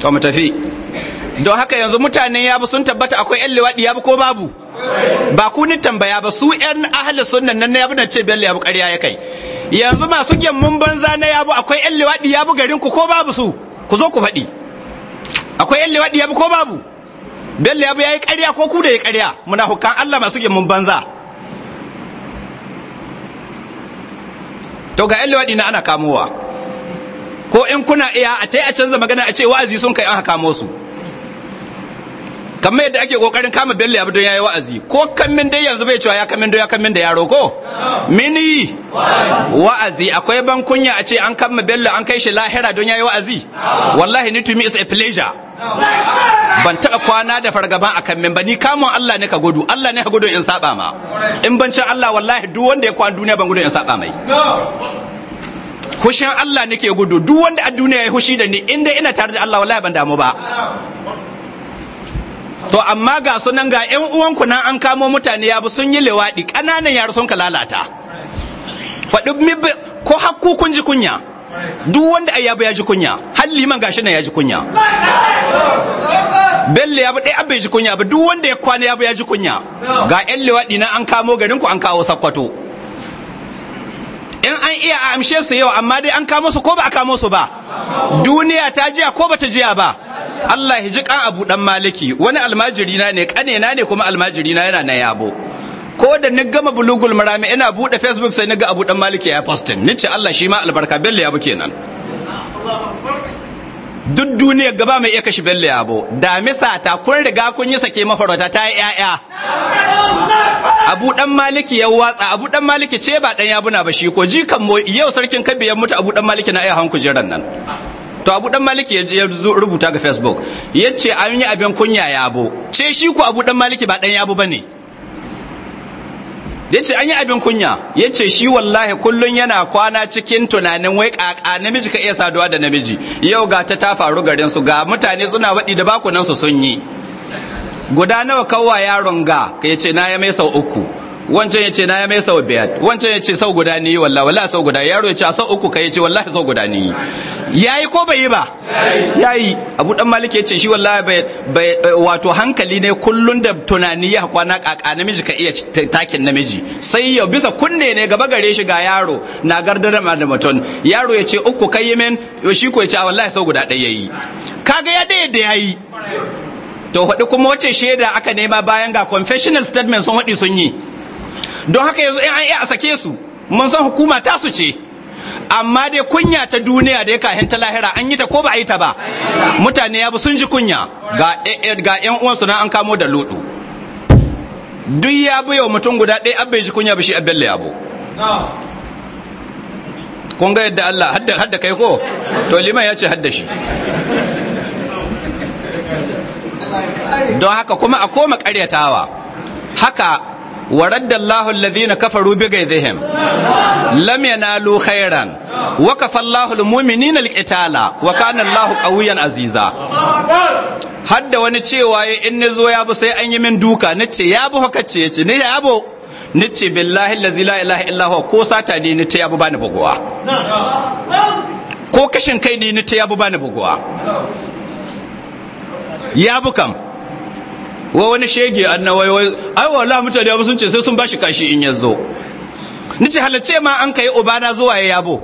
to mu tafi don haka yanzu mutanen yabu sun tabbata akwai yan ya yabu ko babu ba ku ni tambaya ba su yan ahli sunan nan yabu na ce biyar yabu ƙarya ya kai yanzu masu gyammun banza na yabu akwai yan liwaɗi yabu garin ku ko babu su ku zo ku faɗi akwai yan liwaɗi yabu ko babu bello yabu yi ƙarya ko ku da ya ƙarya muna hukan Allah masu gyammun banza to ga yan liwaɗi na ana kamowa ko in kuna iya a tai a canza magana a ce wa'azi sun kai an haka su kamar yadda ake kokarin kama bello abu don yayi wa'azi ko kamin dai yanzu bai cewa ya kamin da ya kamin da yaro ko mini wa'azi akwai ban kunya a ce an kama bello an kai shi lahira don yayi wa'azi wallahi ni to me is a pleasure ban taɓa kwana da fargaba a kan ba ni kamun Allah ne ka gudu Allah ne ka gudu in saba ma in ban can Allah wallahi duk wanda ya kwana duniya ban gudu in saba mai hushin Allah nake gudu duk wanda a duniya ya hushi da ni inda ina tare da Allah wallahi ban damu ba to amma ga sunan ga yan uwanku nan an kamo mutane ya bi sun yi lewaɗi ƙananan yaro sun ka lalata faɗi ko hakku kun ji kunya duk wanda ai yabi ya ji kunya har liman gashi nan ya ji kunya belle bi dai abin ji kunya ba duk wanda ya kwana bi ya ji kunya ga yan lewaɗi nan an kamo garin ku an kawo sakkwato in an iya a amshe su yau amma dai an kamo su ko ba a kamo su ba duniya ta jiya ko bata jiya ba Allah ya ji kan Abu dan Maliki wani almajiri na ne kane na ne kuma almajiri na yana na yabo ko da ni gama bulugul marami ina bude Facebook sai ni ga Abu dan Maliki ya postin ni ce Allah shi ma albarka bella ya bu kenan duk duniyar gaba mai iya kashi bello yabo damisa ta kun riga kun yi sake mafarauta ta yi yaya abu dan maliki ya watsa abu dan maliki ce ba dan yabuna ba shi ko jikan mu yau sarkin kabi ya mutu abu dan maliki na iya hanku jiran nan to abu dan maliki ya rubuta ga facebook yace an yi abin kunya yabo ce shi ko abu dan maliki ba dan yabo bane yace an yi abin kunya yace shi wallahi kullum yana kwana cikin tunanin wai kaka namiji ka iya saduwa da namiji yau ga ta faru garin su ga mutane suna waɗi da bakunan su sun yi guda nawa kawwa yaron ga ka yace na ya mai sau uku wancan ya ce na ya mai sau biyar wancan ya ce sau guda ni wallahi wallahi sau guda yaro ya ce sau uku kai ya ce wallahi sau guda ni yayi ko bai yi ba yayi abu dan malik ya ce shi wallahi bai wato hankali ne kullun da tunani ya kwana kaka namiji ka iya takin namiji sai ya bisa kunne ne gaba gare shi ga yaro na gardar da mutum yaro ya ce uku kai yi min shi ko ya ce wallahi sau guda ɗaya yayi kaga ya da yayi to faɗi kuma wace shaida aka nema bayan ga confessional statement sun faɗi sun yi don haka yanzu in an yi a sake su mun san hukuma ta su ce amma dai kunya ta duniya da ya kahin ta lahira an yi ta ko ba a yi ta ba mutane ya bi sun ji kunya ga eh, eh, yan uwansu na an kamo da lodo duk ya bi yau mutum guda ɗaya abin ji kunya ba shi abin ya bu kun ga yadda Allah hadda kai ko to liman ya ce hadda shi don haka kuma a koma ƙaryatawa haka ورد الله الذين كفروا بغيظهم لم ينالوا خيرا khairan الله المؤمنين القتال وكان الله قويا عزيزا qawiyan aziza hadda wani cewa in ni zo ya bu sai an yi min duka nace ya bu haka ce ce ni ya bu nace billahi allazi la ilaha illa ko sata ne ni ta ya bu bani buguwa ko kashin kai ne ni ta ya bu bani buguwa ya bu kam wa wani shege annawai ai wallahi mutane ba sun ce sai sun bashi kashi in yazo nace halace ma an kai ubana zuwa ya yabo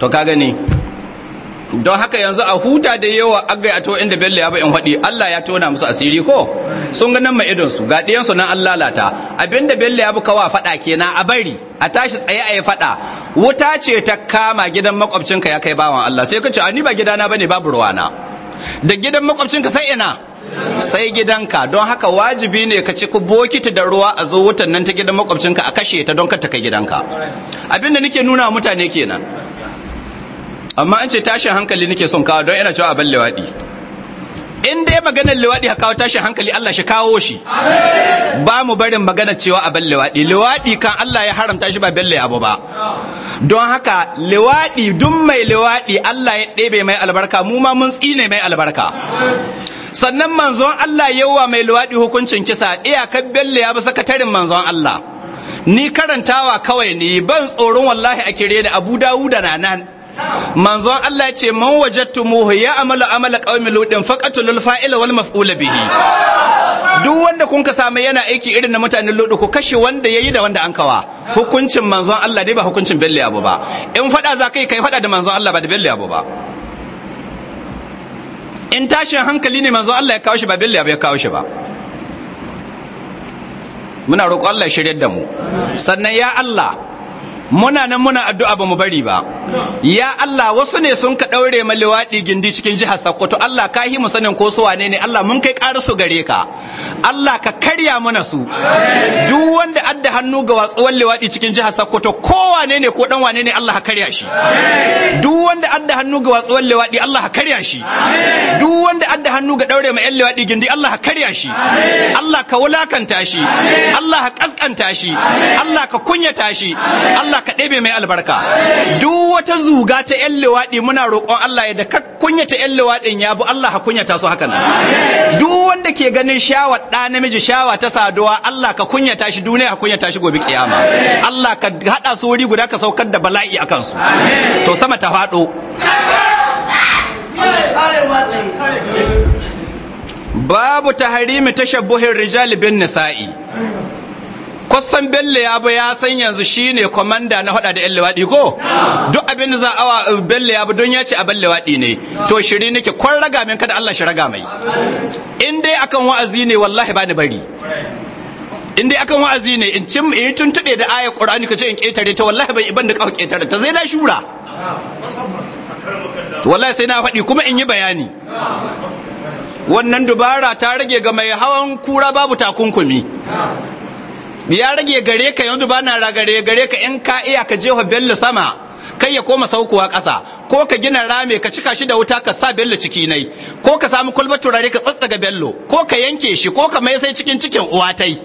to ka gani don haka yanzu a huta da yawa agai a to inda bello ya ba in hadi Allah ya tona musu asiri ko sun ga nan ma'idon su ga diyan su nan an lalata abinda bello ya buka wa faɗa kenan a bari a tashi tsaye a yi faɗa wuta ce ta kama gidan makwabcinka ya kai bawan Allah sai ka ce ni ba gidana bane babu ruwana da gidan makwabcinka sai ina sai gidanka don haka wajibi ne ka ci ku bokiti da ruwa a zo wutan nan ta gidan makwabcinka a kashe ta don ka kai gidanka abinda nake nuna mutane kenan amma an ce tashin hankali nake son kawo don ina cewa abin liwaɗi in dai maganar liwaɗi ha kawo tashin hankali Allah shi kawo shi ba mu barin maganar cewa abin liwaɗi liwaɗi kan Allah ya haramta shi ba bella abu ba don haka liwaɗi duk mai luwaɗi Allah ya ɗebe mai albarka mu ma mun tsine mai albarka sannan manzon Allah yawa mai luwaɗi hukuncin kisa iyakar belle ya bi sakatarin manzon Allah ni karantawa kawai ne ban tsoron wallahi a kire ni Abu Dawuda na nan manzon Allah ce man wajadtumuhu ya amala amala qaumi ludin lil fa'ila wal maf'ula bihi duk wanda kun ka samu yana aiki irin na mutanen ludu ku kashe wanda yayi da wanda an kawa hukuncin manzon Allah dai ba hukuncin belle abu ba in fada za kai kai fada da manzon Allah ba da belle abu ba in tashin hankali ne manzon Allah ya kawo shi ba belle abu ya kawo shi ba muna roƙon Allah shiryar da mu sannan ya Allah muna nan muna addu'a ba mu bari ba ya Allah wasu ne sun ka daure ma liwaɗi gindi cikin jihar Sokoto Allah ka hi mu sanin ko su wane ne Allah mun kai karasu su gare ka Allah ka karya mana su duk wanda adda hannu ga watsuwar liwaɗi cikin jihar Sokoto ko wane ne ko dan wane ne Allah ka karya shi duk wanda adda hannu ga watsuwar liwaɗi Allah ka karya shi duk wanda adda hannu ga daure ma yan liwaɗi gindi Allah ka karya shi Allah ka wulakanta shi Allah ka kaskanta shi Allah ka kunyata shi Allah Allah ka ɗebe mai albarka duk wata zuga ta yan luwaɗi muna roƙon Allah yadda ka kunyata yan lewaɗin ya bu Allah ha kunyata su haka nan duk wanda ke ganin shawa ɗa namiji shawa ta saduwa Allah ka kunyata shi duniya ha kunyata shi gobe kiyama Allah ka haɗa su wuri guda ka saukar da bala'i akan su to sama ta faɗo babu taharimi tashabbuhin rijali bin nisa'i kwasan bello ya ba ya san yanzu shine komanda na hada da yan lewaɗi ko duk abin da za awa uh, bello ya ba don ya ce a bello lewaɗi ne to shiri nake kwan raga min kada Allah shi raga mai in dai akan wa'azi ne wallahi ba ni bari in dai akan wa'azi ne in cin yi tuntuɗe da ayar ƙur'ani ka ce in ƙetare ta wallahi ban iban da ƙawa ƙetare ta sai na shura wallahi sai na faɗi kuma in yi bayani wannan dubara ta rage ga mai hawan kura babu takunkumi ya rage gare ka yanzu ba na ragare gare ka in ka iya ka jefa bello sama kai ya koma saukowa ƙasa ko ka gina rame ka cika shi da wuta ka sa bello ciki nai ko ka samu kulba turare ka tsatsaga bello ko ka yanke shi ko ka mai sai cikin cikin uwa tai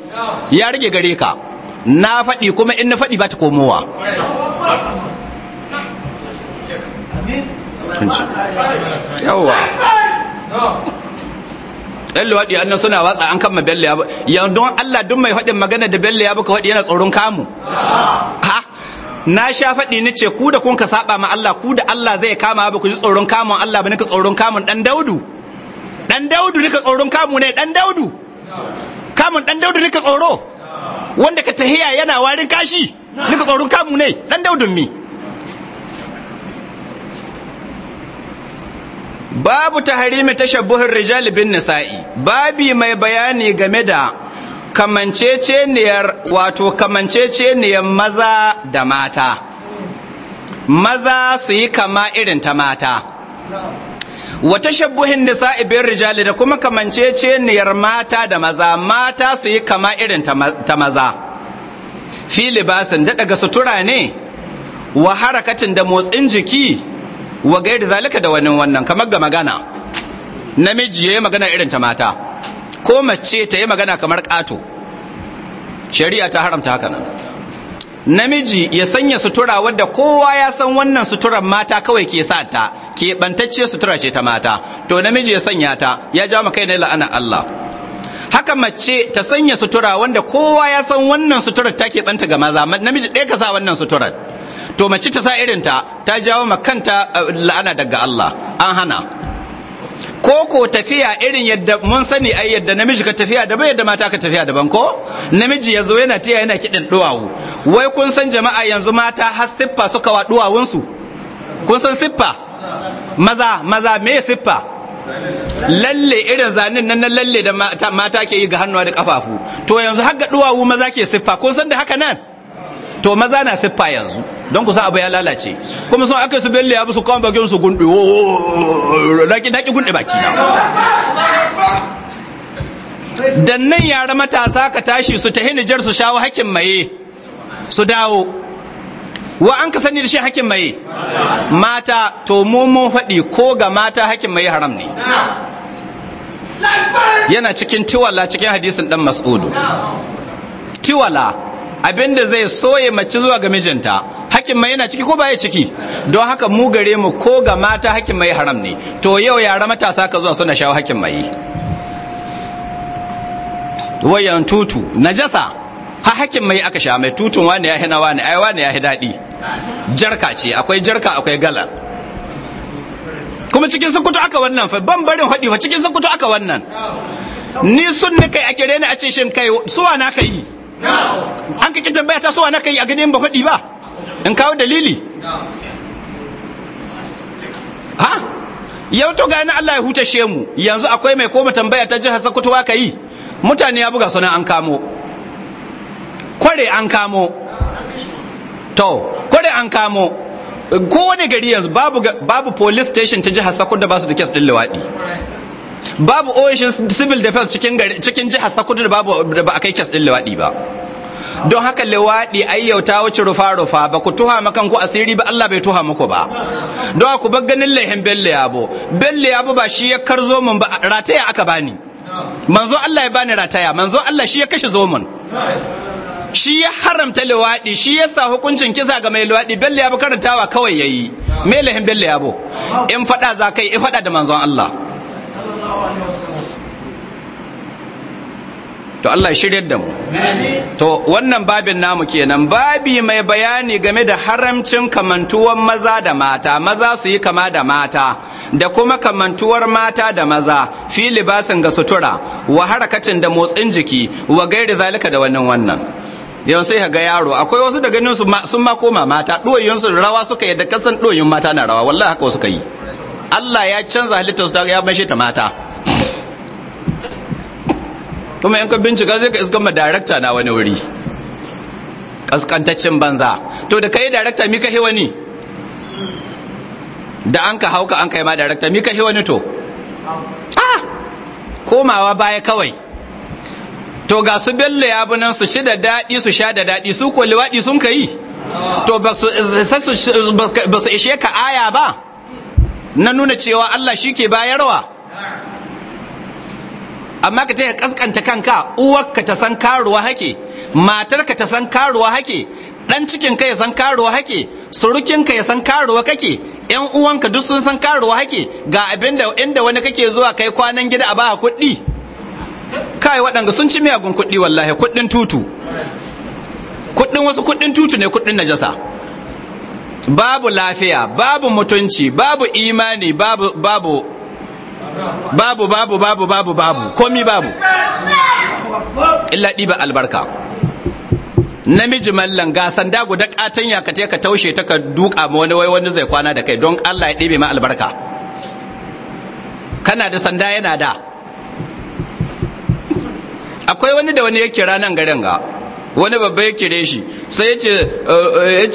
ya rage gare ka na faɗi kuma in na faɗi ba ta komowa yawa dan luwaɗi an suna watsa an kama bello ya ba don allah duk mai haɗin magana da bello ya baka haɗi yana tsoron kamu ha na sha faɗi ni ce ku da kun ka saba ma allah ku da allah zai kama ba ku ji tsoron kamun allah ba nika tsoron kamun ɗan daudu ɗan daudu nika tsoron kamu ne ɗan daudu kamun ɗan daudu nika tsoro wanda ka tahiya yana warin kashi nika tsoron kamu ne ɗan daudun mi babu taharimi tashabbuhur rijal bin nisa'i babi mai bayani game da kamanceceniyar wato kamanceceniyar maza da mata maza su yi kama irin ta mata wa tashabbuhin nisa'i bin rijal da kuma kamanceceniyar mata da maza mata su yi kama irin ta maza fi libasin da daga sutura ne wa harakatin da motsin jiki wa gairi zalika da wani wannan kamar ga magana namiji ya yi magana irin ta mata ko mace ta yi magana kamar ƙato shari'a ta haramta haka nan namiji ya sanya sutura wadda kowa ya san wannan suturar mata kawai ke sa ta ke bantacce sutura ce ta mata to namiji ya sanya ta ya ja kai na la'ana Allah haka mace ta sanya sutura wanda kowa ya san wannan suturar ta ke banta ga maza namiji ɗaya ka sa wannan suturar to mace ta sa irin ta ta jawo ma kanta eh, la'ana daga Allah an hana ko ko tafiya irin yadda mun sani ai yadda namiji ka tafiya daban yadda mata ka tafiya daban ko namiji yazo yana tiya yana kiɗan duwawu wai kun san jama'a yanzu mata har siffa suka wa duwawunsu kun san siffa maza maza me siffa lalle irin zanen nan nan lalle da mata ke yi ga hannuwa da kafafu to yanzu har ga duwawu maza ke siffa kun san da haka nan to maza na siffa yanzu don ku sa abu ya lalace kuma sun aka su belle ya su kawon bakin su gundu daki daki gundu baki na dan nan yara matasa ka tashi su ta hinijar su shawo hakin maye su dawo wa an ka sani da shi hakin maye mata to mun faɗi ko ga mata hakin maye haram ne yana cikin tiwala cikin hadisin dan mas'udu tiwala Abin da zai soye mace zuwa ga mijinta hakin mai yana ciki ko baya ciki don haka mu gare mu ko ga mata hakin mai haram ne to yau yara matasa ka zuwa suna shawo hakin mai wayan tutu najasa ha hakin mai aka sha mai tutun wani ya hina wani ai wani ya daɗi jarka ce akwai jarka akwai galar kuma cikin sun kutu aka wannan fa ban barin haɗi fa cikin sun kutu aka wannan ni sun ni kai a kire ni a ce shin kai suwa na kai an ka ta baya tasowa na kai a gani ba faɗi ba in kawo dalili ha yau to gani Allah ya she mu yanzu akwai mai koma tambaya ta jihar Sokoto wa yi mutane ya buga sunan an kamo kware an kamo to kware an kamo kowane gari yanzu babu police station ta jihar Sokoto da ba su da kes din liwadi babu ofishin civil defense cikin cikin jihar Sakudu da babu da ba a kai kes din lewadi ba don haka ai yauta wuce rufa rufa ba ku tuha makan ku asiri ba Allah bai tuha muku ba don ku bar ganin lehin belle yabo belle yabo ba shi ya karzo mun ba rataya aka bani manzo Allah ya bani rataya manzo Allah shi ya kashe zomon. shi ya haramta lewadi shi ya sa hukuncin kisa ga mai lewadi belle yabo karantawa kawai yayi me lehin belle yabo in fada za kai in fada da manzon Allah to Allah shirya da mu to wannan babin namu kenan babi mai bayani game da haramcin kamantuwar maza da mata maza su yi kama da mata da kuma kamantuwar mata da maza fi libasin ga sutura wa harakacin da motsin jiki wa gairi zalika da wannan wannan yau sai ga yaro akwai wasu da ganin sun ma koma mata ɗoyinsu rawa suka yi da kasan ɗoyin mata na rawa wallahi haka wasu ka yi Allah ya canza halittarsu ta ya mashe ta mata kuma in ka bincika zai ka iska ma darakta na wani wuri kaskantaccen banza to da kai darakta mi ka wani da an ka hauka an kai ma darakta mi ka wani to ah komawa baya kawai to ga su bello ya nan su ci da daɗi su sha da daɗi su ko sun ka yi to ba su ishe ka aya ba na nuna cewa Allah shi ke bayarwa amma ka taya kaskanta kanka uwarka ta san karuwa hake matarka ta san karuwa hake dan cikin ka ya san karuwa hake surukin ka ya san karuwa kake yan uwanka duk sun san karuwa hake ga abin da inda wani kake zuwa kai kwanan gida a baka kuɗi kai waɗanda sun ci miyagun kuɗi wallahi kuɗin tutu kuɗin wasu kuɗin tutu ne kuɗin najasa babu lafiya babu mutunci babu imani babu babu babu babu babu babu babu komi babu illa ɗiba albarka namiji mallan gasan dago da katon ya ka taushe ta ka duka ma wani wai wani zai kwana da kai don Allah ya ɗebe ma albarka kana da sanda yana da akwai wani da wani yake kira garin ga wani babba ya kire shi sai ya ce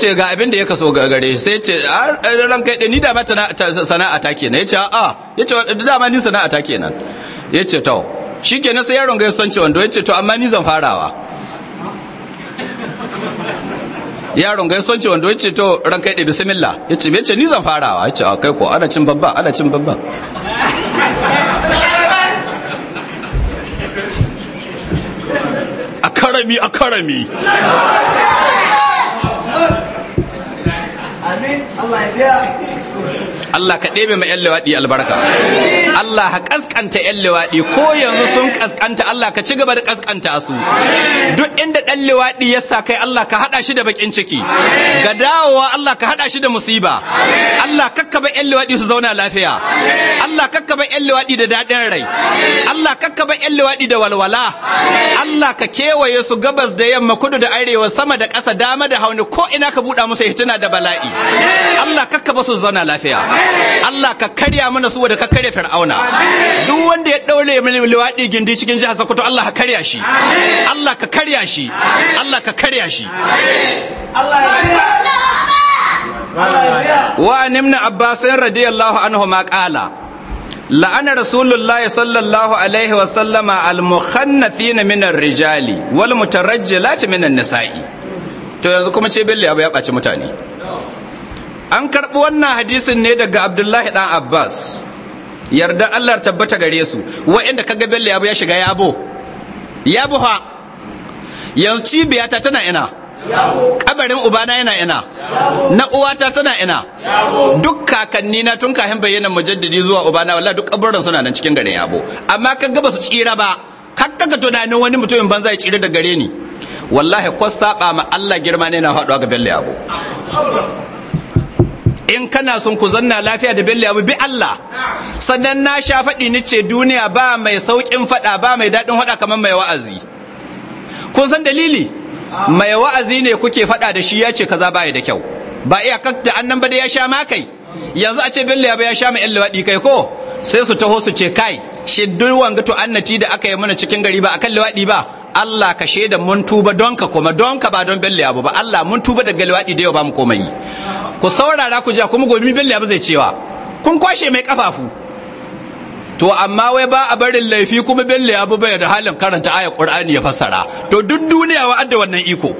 oh, oh, ga abin da ya kaso gare shi sai ya ce ah, eh, ran kai ni dama sana'a ta kenan ya ce a ah, ah. ya ce dama ni sana'a ta kenan ya ce to shi sai yaron ga son ce wando ya ce to amma ni zan farawa yaron ga son ce wando ya ce to ran kai bismillah ya ce ni zan farawa ya ce kai ko ana cin babba ana cin babba malami a karami amin Allah ya biya Allah ka ɗebe ma 'yan lewaɗi albarka Allah ka ƙasƙanta 'yan lewaɗi ko yanzu sun ƙasƙanta, Allah ka ci gaba da kaskanta su duk inda ɗan lewaɗi ya sa kai Allah ka haɗa shi da baƙin ciki ga dawowa Allah ka haɗa shi da musiba Allah kakkaba 'yan lewaɗi su zauna lafiya Allah kakkaba 'yan lewaɗi da daɗin rai Allah kakkaba 'yan lewaɗi da walwala Allah ka kewaye su gabas da yamma kudu da arewa sama da ƙasa dama da hauni ko ina ka buɗa musu hitina da bala'i Allah kakkaba su zauna lafiya Allah ka karya mana su da ka karya fir'auna duk wanda ya daure mini liwaɗi gindi cikin jihar Sokoto Allah ka karya shi Allah ka karya shi Allah ka karya shi Allah ya biya wa nimna abbasin radiyallahu anhu ma qala la'ana rasulullahi sallallahu alaihi wa sallama al-mukhannathina min ar-rijali wal mutarajjilati min an-nisa'i to yanzu kuma ce billa abu ya baci mutane an karɓi wannan hadisin ne daga abdullahi ɗan abbas yarda allah tabbata gare su wa'inda ga bello yabo ya shiga yabo yabo ha yanzu cibiyata tana ina kabarin ubana yana ina na uwata suna ina duk kakanni na tun kahin bayyana mujaddidi zuwa ubana walla duk kaburin suna nan cikin garin yabo amma kaga ba su tsira ba hakka ka tunanin wani mutumin banza ya cire da gare ni wallahi ko saba ma Allah girma ne na faɗuwa ga bello yabo in kana son ku zanna lafiya da belle abu bi Allah sannan na sha faɗi ni ce duniya ba mai sauƙin faɗa ba mai daɗin faɗa kamar mai wa'azi kun san dalili mai wa'azi ne kuke faɗa da shi ya ce kaza baya da kyau ba iya da annan ba da ya sha ma kai yanzu a ce bello ya ya sha ma yan liwaɗi kai ko sai su taho su ce kai shi duwan ga to annati da aka yi mana cikin gari ba akan liwaɗi ba Allah ka shaida mun tuba don kuma don ba don belle abu ba Allah mun tuba daga liwaɗi da yau ba mu komai ku saurara ku ja kuma gobe billa ba zai cewa kun kwashe mai kafafu to amma wai ba a barin laifi kuma billa ya bu bai da halin karanta ayar qur'ani ya fassara to duk duniya wa adda wannan iko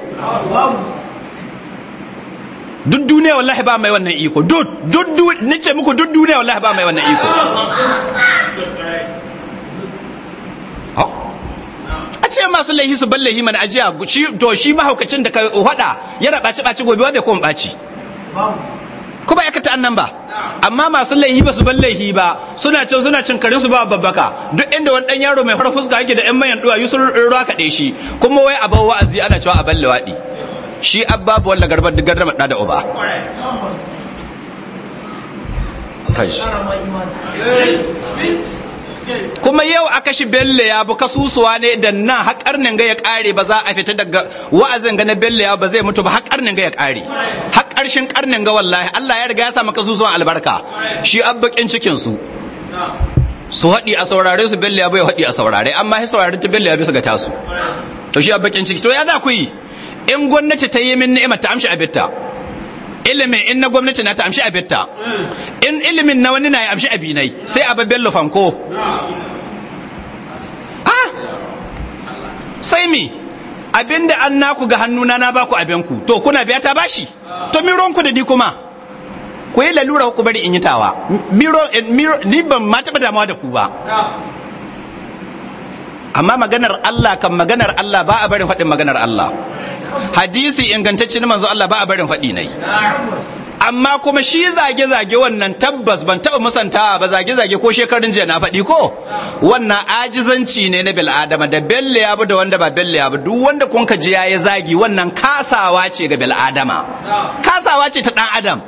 duk duniya wallahi ba mai wannan iko duk duk nace muku duk duniya wallahi ba mai wannan iko a ce masu laihi su ballahi mana ajiya to shi mahaukacin da ka hada yana ɓaci ɓaci gobe wa bai kuma ɓaci kuma aikata annan ba amma masu laihi ba su ban laihi ba suna cin suna cin kare su ba babbaka duk inda wani dan yaro mai har ga yake da yan mayan duwa yusur ruwa kaɗe shi kuma wai a bawa wa'azi ana cewa a ban lawadi shi abbabu walla garbar garbar da da uba kai kuma yau a kashi belle ya bu kasusuwa ne da na haƙar ga ya ƙare ba za a fita daga wa'azin ga na belle ya ba zai mutu ba haƙar ga ya ƙare haƙar shin ƙarnin ga wallahi Allah ya riga ya samu kasusuwan albarka shi abbakin cikin su su haɗi a saurare su belle ya bai haɗi a saurare amma shi saurare ta belle ya bisa ga tasu to shi abbakin ciki to ya za ku yi in gwamnati ta yi min ni'imar ta amshi abinta ilimin in na gwamnati na ta amshi abinta in ilimin na wani na ya amshi abinai sai a bello fanko ha sai mi abinda an naku ga hannuna na baku abinku to kuna biya ta bashi to mironku da di kuma ku yi lalura ku bari in yi tawa eh, ni ban ma taɓa damuwa da ku ba amma maganar Allah kan maganar Allah ba a barin faɗin maganar Allah hadisi ingantacce na manzo Allah ba a barin faɗi nai amma kuma shi zage-zage wannan tabbas ban taɓa musantawa ba zage-zage ko shekarun jiya na faɗi ko wannan ajizanci ne na adama da belle ya da wanda ba belle ya duk wanda kun ka ji ya zagi wannan kasawa ce ga adama kasawa ce ta ɗan adam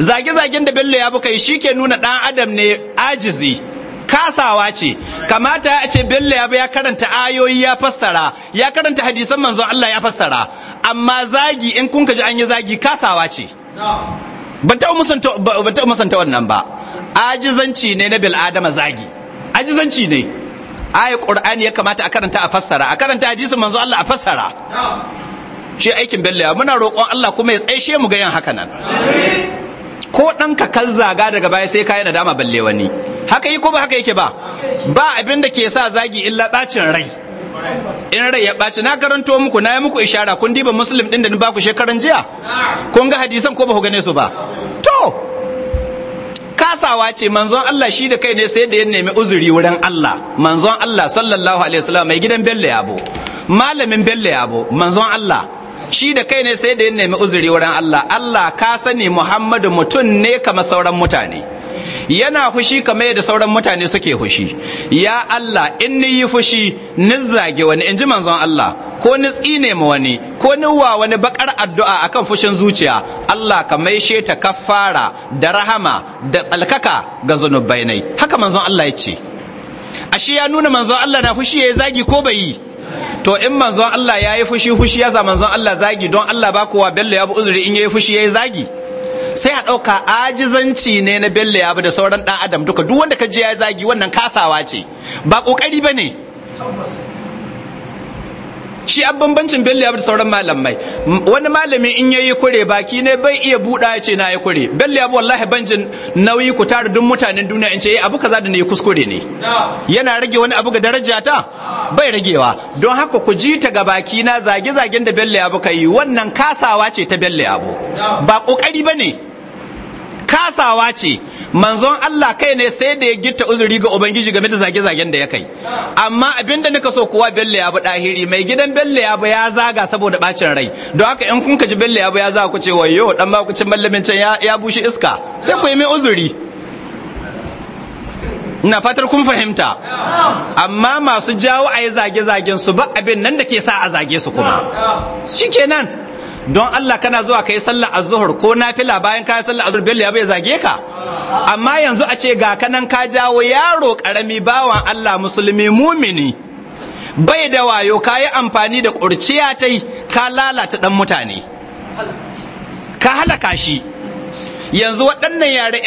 zage-zagen da belle ya bu yi shi ke nuna ɗan adam ne ajizi kasawa ce kamata ya ce bello ya karanta ayoyi ya fassara ya karanta hadisan manzo Allah ya fassara amma zagi in kun kaji an yi zagi kasawa ce ban ta musanta wannan ba ajizanci ne na bil'adama zagi ajizanci ne ayi qur'ani ya kamata a karanta a fassara a karanta hadisin manzo Allah a fassara shi aikin bello muna roƙon Allah kuma ya tsaishe mu ga yin haka nan ko ɗan ka kan zaga daga baya sai yi nadama balle wani haka yi ko ba haka yake ba ba abin da ke sa zagi illa ɓacin rai in rai ya ɓaci na karanto muku na yi muku ishara kun diba muslim ɗin da ni baku shekaran jiya kun ga hadisan ko ba ku gane su ba to kasawa ce manzon Allah shi da kai ne sai da ya nemi uzuri wurin Allah manzon Allah sallallahu alaihi wasallam mai gidan Bello Yabo malamin Bello Yabo manzon Allah shi da kai ne sai da ya nemi uzuri wurin Allah Allah ka sani Muhammadu mutum ne kama sauran mutane yana fushi kamar yadda sauran mutane suke fushi ya Allah in ni yi fushi ni zage wani in ji manzon Allah ko ni tsine ma wani ko ni wa wani bakar addu'a akan fushin zuciya Allah ka maishe ta kafara da rahama da tsalkaka ga zunubai nai haka manzon Allah ya ce ashe ya nuna manzon Allah na fushi ya yi zagi ko bai yi to in manzon Allah ya yi fushi fushi ya sa manzon Allah zagi don Allah ba kowa bello ya bi uzuri in ya yi fushi ya yi zagi sai a ɗauka ajizanci ne na bello ya bi da sauran ɗan adam duka duk wanda ka je ya zagi wannan kasawa ce ba ƙoƙari ba ne shi a bambancin bello ya da sauran malamai wani malami in yayi kure baki ne bai iya buɗa ya ce na yi kure bello ya wallahi banjin nauyi ku tara duk mutanen duniya in ce yi eh, abu kaza da ne kuskure ne yana rage wani abu ga daraja ta bai ragewa don haka ku ji ta ga baki na zage zagen da bello ya ka yi wannan kasawa ce ta bello ya ba kokari bane kasawa ce manzon Allah kai ne sai da ya gitta uzuri ga ubangiji game da zage-zagen da ya kai amma abinda nika so kuwa bello ya dahiri mai gidan bello ya ya zaga saboda bacin rai don haka in kun ka ji bello ya ya zaga ku ce wa yau ɗan ku ci mallamin can ya bushe iska sai ku yi mai uzuri ina fatar kun fahimta amma masu jawo a yi zage-zagen su ba abin nan da ke sa a zage su kuma shikenan don Allah kana zuwa ka yi sallah a zuhur ko na fila bayan ka yi sallah a zuhur bello ya bai zage ka amma yanzu a ce ga kanan ka jawo yaro karami bawan Allah musulmi mumini bai da wayo ka yi amfani da ƙurciya ta yi ka lalata ɗan mutane ka halaka shi yanzu waɗannan yare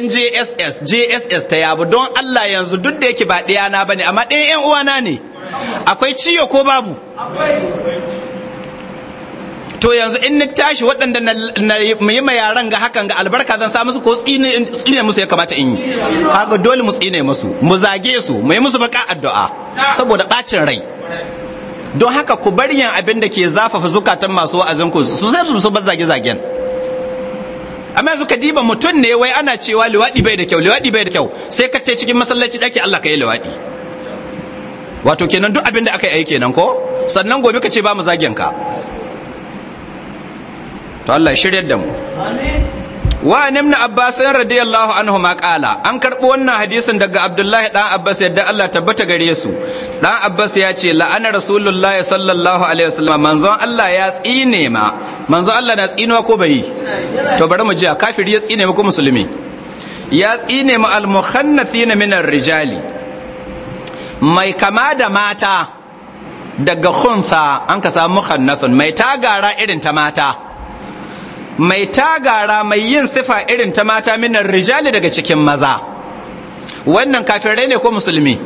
njss jss ta yabu don allah yanzu duk da yake ba ɗaya na ba ne amma ɗaya yan uwana ne akwai ciyo ko babu to yanzu in na tashi waɗanda na yi ma yaran ga hakan ga albarka zan sa musu ko tsine musu ya kamata in yi kaga dole mu tsine musu mu zage su mu yi musu baka addu'a saboda bacin rai don haka ku bari yin abin da ke zafafa zukatan masu wa'azin ku su sai su ba zage zagen amma yanzu ka diba mutum ne wai ana cewa liwaɗi bai da kyau liwaɗi bai da kyau sai ka tai cikin masallaci ɗaki Allah ka yi liwaɗi wato kenan duk abin da aka yi kenan ko sannan gobe ka ce ba mu zagen ka to Allah shirya da mu wa ibn abbas radiyallahu anhu ma kala an karbo wannan hadisin daga abdullahi dan abbas yadda Allah tabbata gare su dan abbas ya ce la'ana rasulullahi sallallahu alaihi wasallam manzon Allah ya tsine ma manzon Allah na tsino ko bai to bari mu ji kafiri ya tsine ma ko musulmi ya tsine ma al-mukhannathina min rijali mai kama da mata daga khunsa an ka samu mukhannathun mai tagara irin ta mata mai tagara mai yin sifa irin ta mata minan rijali daga cikin maza wannan kafirai ne ko musulmi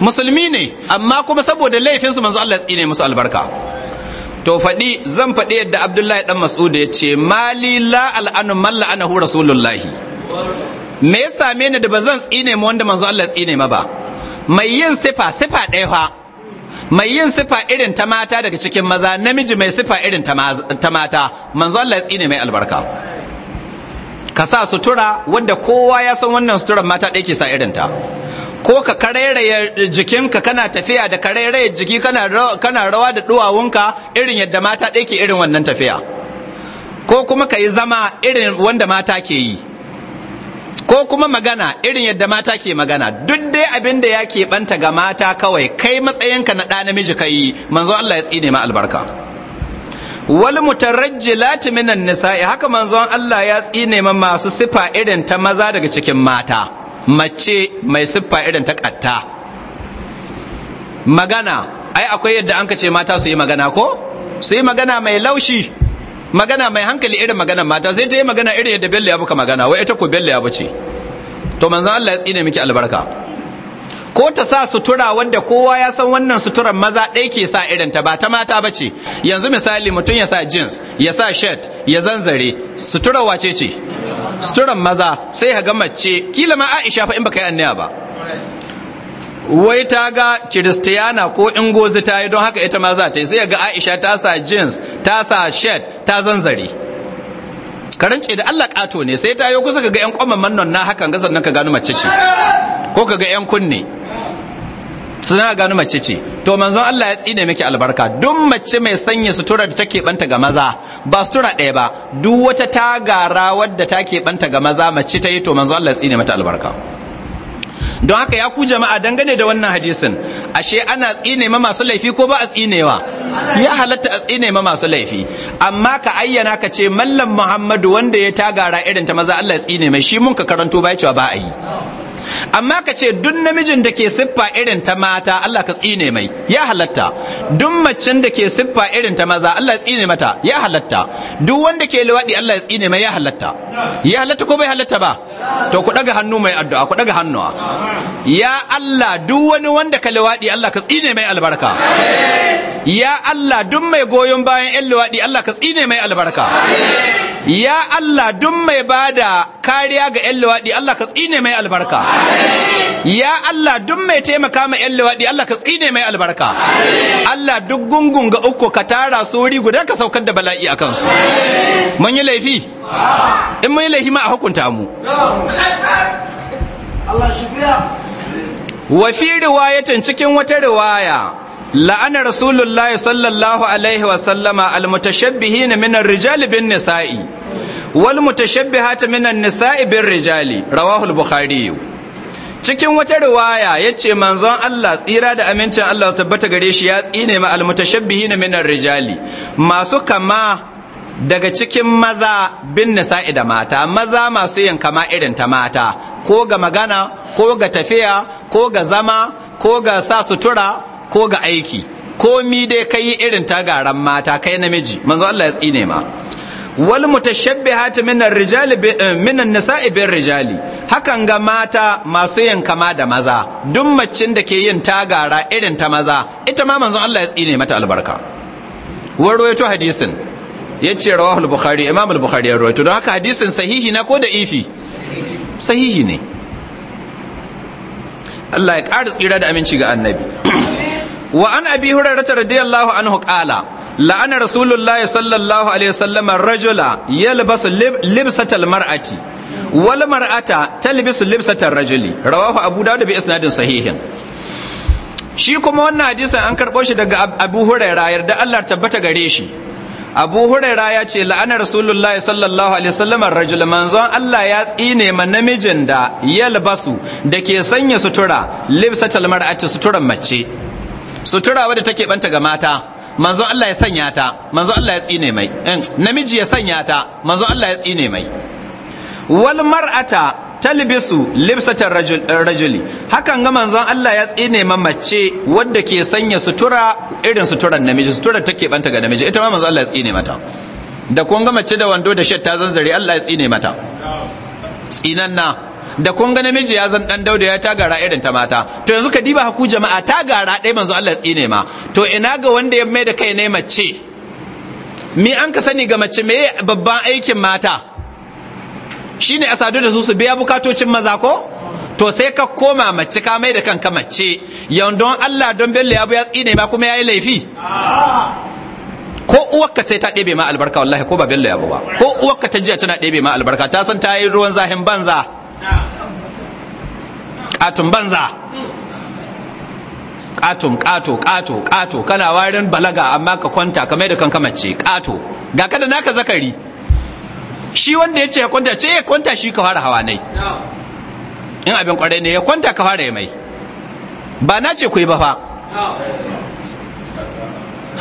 musulmi ne amma kuma saboda laifinsu manzo Allah tsine musu albarka to faɗi zan faɗi yadda abdullahi dan mas'ud ya ce mali la al'anu man la'anahu rasulullahi me ya same ni da ba zan tsine mu wanda manzo Allah tsine ma ba mai yin sifa sifa ɗaya fa mai yin sifa irin ta mata daga cikin maza namiji mai sifa irin ta mata manzo Allah ya tsine mai albarka ka sa sutura wanda kowa ya san wannan suturar mata ɗaya ke sa irin ta ko ka karairaya jikinka kana tafiya da karairaya jiki kana rawa da duwawunka irin yadda mata ɗaya ke irin wannan tafiya ko kuma ka yi zama irin wanda mata ke yi ko kuma magana irin yadda mata ke magana duk dai abin da ya keɓanta ga mata kawai kai matsayinka na ɗa namiji ka yi manzo Allah ya tsine ma albarka wal mutarajjilati minan nisa'i haka manzon Allah ya tsine ma masu sifa irin ta maza daga cikin mata mace mai siffa irin ta katta magana ai akwai yadda an ka ce mata su yi magana ko su yi magana mai laushi magana mai hankali irin magana mata sai ta yi magana irin yadda bello ya buka magana wai ita ko bello ya buce to manzo Allah ya tsine miki albarka ko ta sa sutura wanda kowa ya san wannan suturar maza ɗaya ke sa irin ta ba ta mata ba ce yanzu misali mutum ya sa jeans ya sa shirt ya zanzare sutura wace ce suturar maza sai ga mace kila ma Aisha fa in baka yi annaya ba wai ta ga kiristiyana ko ingozi ta yi don haka ita ma za ta yi sai ga aisha ta sa jeans ta sa shirt ta zanzare karance da allah ƙato ne sai ta yi kusa ga 'yan kwamman nan na hakan gasar nan ka gano mace ce ko ka ga 'yan kunne suna gano mace ce to manzon Allah ya tsine miki albarka duk mace mai sanya sutura da take banta ga maza ba sutura ɗaya ba duk wata tagara wadda take banta ga maza mace ta yi to manzon Allah ya tsine mata albarka don haka ya ku jama'a dangane da wannan hadisin ashe ana tsine ma masu laifi ko ba a tsinewa ya halatta a tsine ma masu laifi amma ka ayyana ka ce mallam muhammadu wanda ya tagara irin ta maza allah ya tsine mai shi mun ka karanto ba ya cewa ba a yi amma ka ce duk namijin da ke siffa irin ta mata Allah ka tsine mai ya halatta duk macen da ke siffa irin ta maza Allah ya tsine mata ya halatta duk wanda ke luwaɗi Allah ya tsine mai ya halatta ya halatta ko bai halatta ba to ku daga hannu mai addu'a ku daga hannuwa ya Allah duk wani wanda ka luwaɗi Allah ka tsine mai albarka ya Allah duk mai goyon bayan yan luwaɗi Allah ka tsine mai albarka ya Allah duk mai bada kariya ga yan luwaɗi Allah ka tsine mai albarka ya Allah duk mai taimaka ma yan luwaɗi, Allah ka tsine mai albarka Allah duk gungun ga uku ka tara su guda ka saukar da bala'i akan su mun yi laifi in mun yi laifi ma a hukunta mu Allah shi riwayatin cikin wata riwaya la'ana rasulullah sallallahu alaihi wa sallama na min rijali bin nisa'i wal mutashabbihata min nisai bin rijali Rawahul Bukhari yau. cikin wata riwaya yace manzon Allah tsira da amincin Allah su tabbata gare shi ya tsine ma almutashabbihin min rijali masu kama daga cikin maza bin nisa'i da mata maza masu yin kama irin ta mata ko ga magana ko ga tafiya ko ga zama ko ga sa sutura ko ga aiki komi dai kai irin ta garan mata kai namiji manzo Allah ya tsine ma wal mutashabbihati minar rijali eh, minan nisa'i bir rijali hakan ga mata masu yin kama da maza duk macin da ke yin tagara irin ta maza ita ma manzon Allah ya tsine mata albarka warwayo hadisin yace rawahu al-bukhari imam al-bukhari ya rawaito don haka hadisin sahihi na ko da ifi sahihi ne Allah ya ƙara tsira da aminci ga annabi [clears throat] wa an abi hurairata radiyallahu anhu qala la'ana rasulullah sallallahu alaihi wasallam rajula yalbasu libsatal mar'ati wal mar'ata talbisu libsatar rajuli rawahu abu dawud bi isnadin sahihin shi kuma wannan hadisin an karɓo shi daga abu huraira yarda Allah tabbata gare shi abu huraira ya ce la'anar rasulullahi sallallahu alaihi wasallam rajul manzon Allah ya tsine ma namijin da yalbasu da ke sanya sutura libsatal mar'ati suturan mace sutura wadda take banta ga mata manzo Allah ya sanya ta manzo Allah ya tsine mai eh, namiji ya sanya ta manzo Allah ya tsine mai wal mar'ata talbisu libsatar eh, rajuli hakan ga manzo Allah ya tsine ma mace wadda ke sanya sutura irin suturan namiji sutura take banta ga namiji ita ma manzo Allah ya tsine mata da kun ga mace da wando da shed ta zanzare Allah ya tsine mata tsinanna da kun ga namiji ya zan dan dauda ya tagara irin ta mata to yanzu ka diba haku jama'a tagara ɗaya manzo Allah tsine ma to ina ga wanda ya mai da kai ne mace me an ka sani ga mace me babban aikin mata shine a sadu da su su biya bukatocin maza ko to sai ka koma mace ka mai da kanka mace yandon don Allah don bello ya bu ya tsine ma kuma yayi laifi ko uwarka sai ta ɗebe ma albarka wallahi ko ba bello ya ba ko uwarka ta jiya tana ɗebe ma albarka ta san ta yi ruwan zahin banza katon banza katon kato kato kato kana warin balaga amma ka kwanta kamar da kanka mace kato ga kada naka zakari shi wanda ya ce ya kwanta ce ya kwanta shi ka fara hawa nai in abin kwarai ne ya kwanta ka fara ya mai ba na ce ku yi ba fa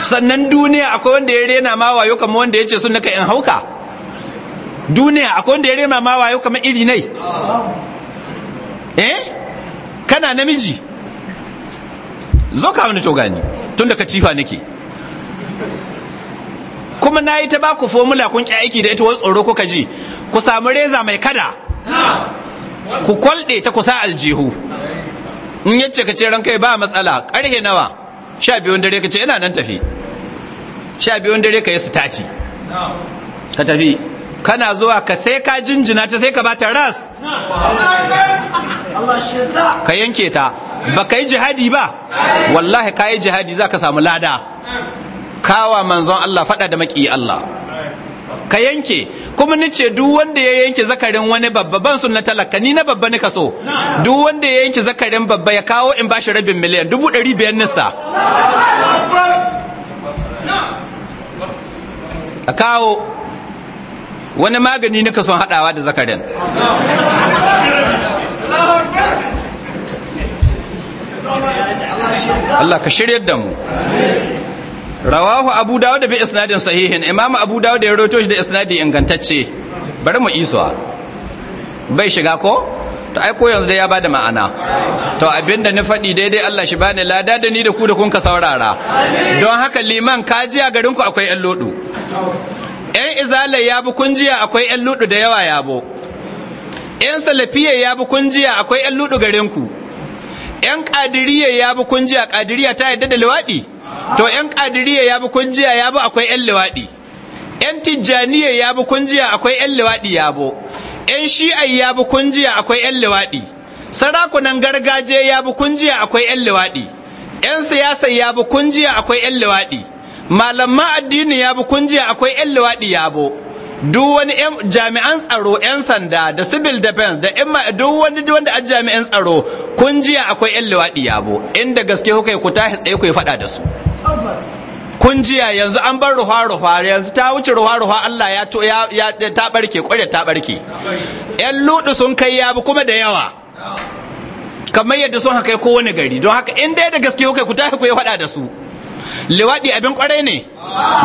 sannan duniya akwai wanda ya rena ma wayo kamar wanda ya ce sun naka in hauka duniya akwai wanda ya rena ma wayo kamar iri nai eh kana namiji zo ka wani to gani tun da ka cifa nake kuma na yi ta ba ku formula kun ƙi aiki da ita wani tsoro kuka ji ku samu reza mai kada ku kwalɗe ta kusa aljihu in yace ka ce ran kai ba matsala ƙarhe nawa sha biyun dare ka ce ina nan tafi sha biyun dare ka yi sitaci ka tafi kana zuwa ka sai ka jinjina ta sai ka bata ras ka yanke ta ba ka yi jihadi ba wallahi ka yi jihadi za ka samu lada kawa manzon Allah fada da maki Allah ka yanke kuma ni ce duk wanda ya yanke zakarin wani babba ban sun na talaka ni na babba ni ka so duk wanda ya yanke zakarin babba ya kawo in bashi rabin miliyan dubu ɗari biyar nisa a kawo wani magani nika son haɗawa da zakarin Allah ka shiryar da mu rawahu abu dawo da bi isnadin sahihin imamu abu dawo da ya roto shi da isnadi ingantacce bari mu isuwa bai shiga ko to ai yanzu dai ya bada ma'ana to abinda ni faɗi daidai Allah shi bani lada da ni da ku da kun ka saurara don haka liman kajiya a garinku akwai 'yan lodu yan izala ya kun jiya akwai yan ludu da yawa yabo yan salafiya ya kun jiya akwai yan ludu garin ku yan ƙadiriya ya kun jiya ƙadiriya ta yadda da liwadi to yan ya yabo kunjiya jiya yabo akwai yan liwadi yan tijjaniya ya kun jiya akwai yan ya yabo yan shi'ai ya kun jiya akwai yan liwadi sarakunan gargajiya ya kun jiya akwai yan liwadi yan siyasa ya kun kunjiya akwai yan liwadi Malamma addini ya bi kun jiya akwai yan luwaɗi ya bo duk wani jami'an tsaro yan sanda da civil defense da imma duk wani wanda a jami'an tsaro kun jiya akwai yan luwaɗi ya bo inda gaske kuka ku tashi tsaye ku faɗa da su kun jiya yanzu an bar ruwa ruwa yanzu ta wuce ruwa ruwa Allah ya to ya, ya ta barke kwarya ta barke yan ludu sun kai ya bi kuma da yawa kamar yadda sun haka kowane gari don haka in dai da gaske kuka ku tashi ku faɗa da su liwaɗi abin kwarai ne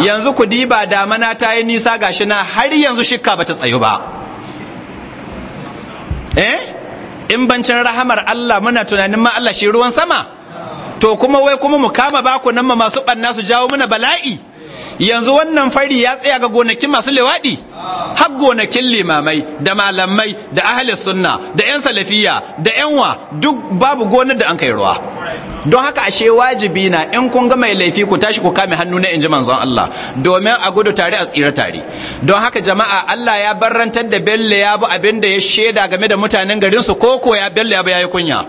yanzu ku diba damana ta yi nisa ga shi na har yanzu shikka ta tsayu ba eh in bancin rahamar Allah muna tunanin ma shi ruwan sama to kuma wai kuma mu kama baku nan ma masu ɓanna su jawo muna bala'i yanzu wannan fari ya tsaya ga gonakin masu lewadi har gonakin limamai da malamai da ahli sunna da yan salafiya da yanwa duk babu gonar da an kai ruwa don haka ashe wajibi na in kun ga mai laifi ku tashi ku kame hannu na inji manzon Allah domin a gudu tare a tsira tare don haka jama'a Allah ya barrantar da Bello ya bu abin da ya sheda game da mutanen garin su koko ya Bello ya bu yayi kunya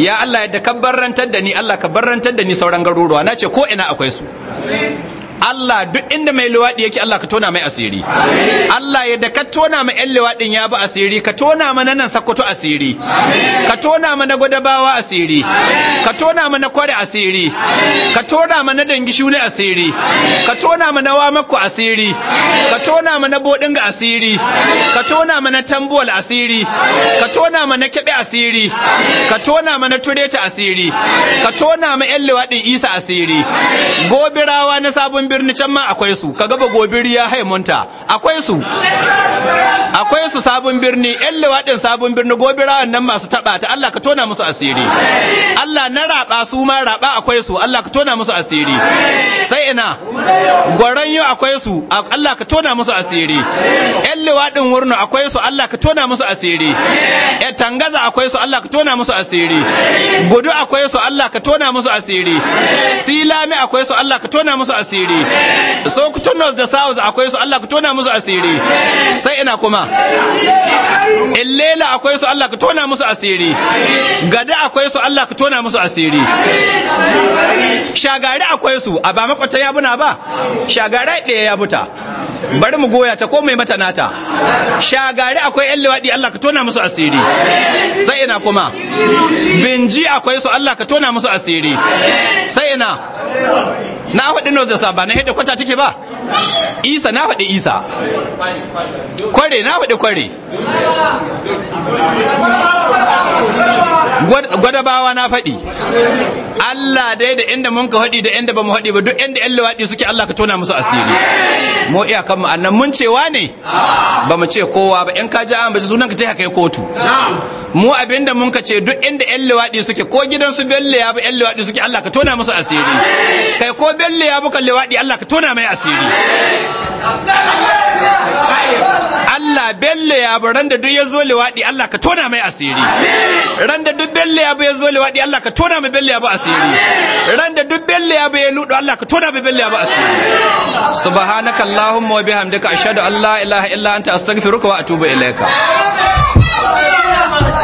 ya Allah yadda ka barrantar da ni Allah ka barrantar da ni sauran garuruwa nace ko ina akwai su Allah duk inda mai luwaɗi yake Allah ka tona mai asiri Allah yadda ka tona ma 'yan luwaɗin ya bi asiri ka tona ma nan sakkwato asiri ka tona ma na gwadabawa asiri ka tona mana kware asiri ka tona mana dangi shune asiri ka tona mana wamako asiri ka tona mana ga asiri ka tona mana tambuwal asiri ka tona mana kebe asiri ka tona mana tureta asiri ka tona ma yan lewadin isa asiri gobirawa na sabon birni can ma akwai su ka gaba gobiri ya haimunta akwai su akwai su sabon birni yan lewadin sabon birni gobirawan nan masu taba ta Allah ka tona musu asiri Allah na raba su ma raba akwai su Allah ka tona musu asiri sai ina gwaran yau akwai su Allah ka tona musu asiri Ƴan liwaɗin wurnu akwai su Allah ka tona musu asiri ƴan tangaza akwai su Allah ka tona musu asiri gudu akwai su Allah ka tona musu asiri silami akwai su Allah ka tona musu asiri Sokutunos da south akwai su Allah ka tona musu asiri sai ina kuma illela akwai su Allah ka tona musu asiri gada akwai su Allah ka tona musu asiri shagari akwai su a ba ya buna ba shagari ɗaya ya buta bari mu goya ta ko mata nata shagari akwai yan liwaɗi Allah ka tona musu asiri sai ina kuma binji akwai su Allah ka tona musu asiri sai ina na faɗi sa ba na yadda kwata take ba isa na faɗi isa kware na faɗi kware gwadabawa na faɗi Allah dai da inda mun ka faɗi da inda ba mu faɗi ba duk inda yan lawaɗi suke Allah ka tona musu asiri mu iyakan mu annan mun cewa ne ba mu ce kowa ba in ka ji an baji sunan ka ta kai kotu mu abinda mun ka ce duk inda yan lawaɗi suke ko gidan su belle ya ba yan lawaɗi suke Allah ka tona musu asiri kai ko bello ya bukan lewaɗi Allah ka tona mai asiri Allah bello ya bu ran da duk ya zo lewaɗi Allah ka tona mai asiri ran da duk bello ya bu ya zo lewaɗi Allah ka tona mai bello ya bu asiri ran da duk bello ya bu ya ludo Allah ka tona mai bello ya bu asiri subhanaka allahumma wa bihamdika ashhadu an la ilaha illa anta astaghfiruka wa atubu ilaika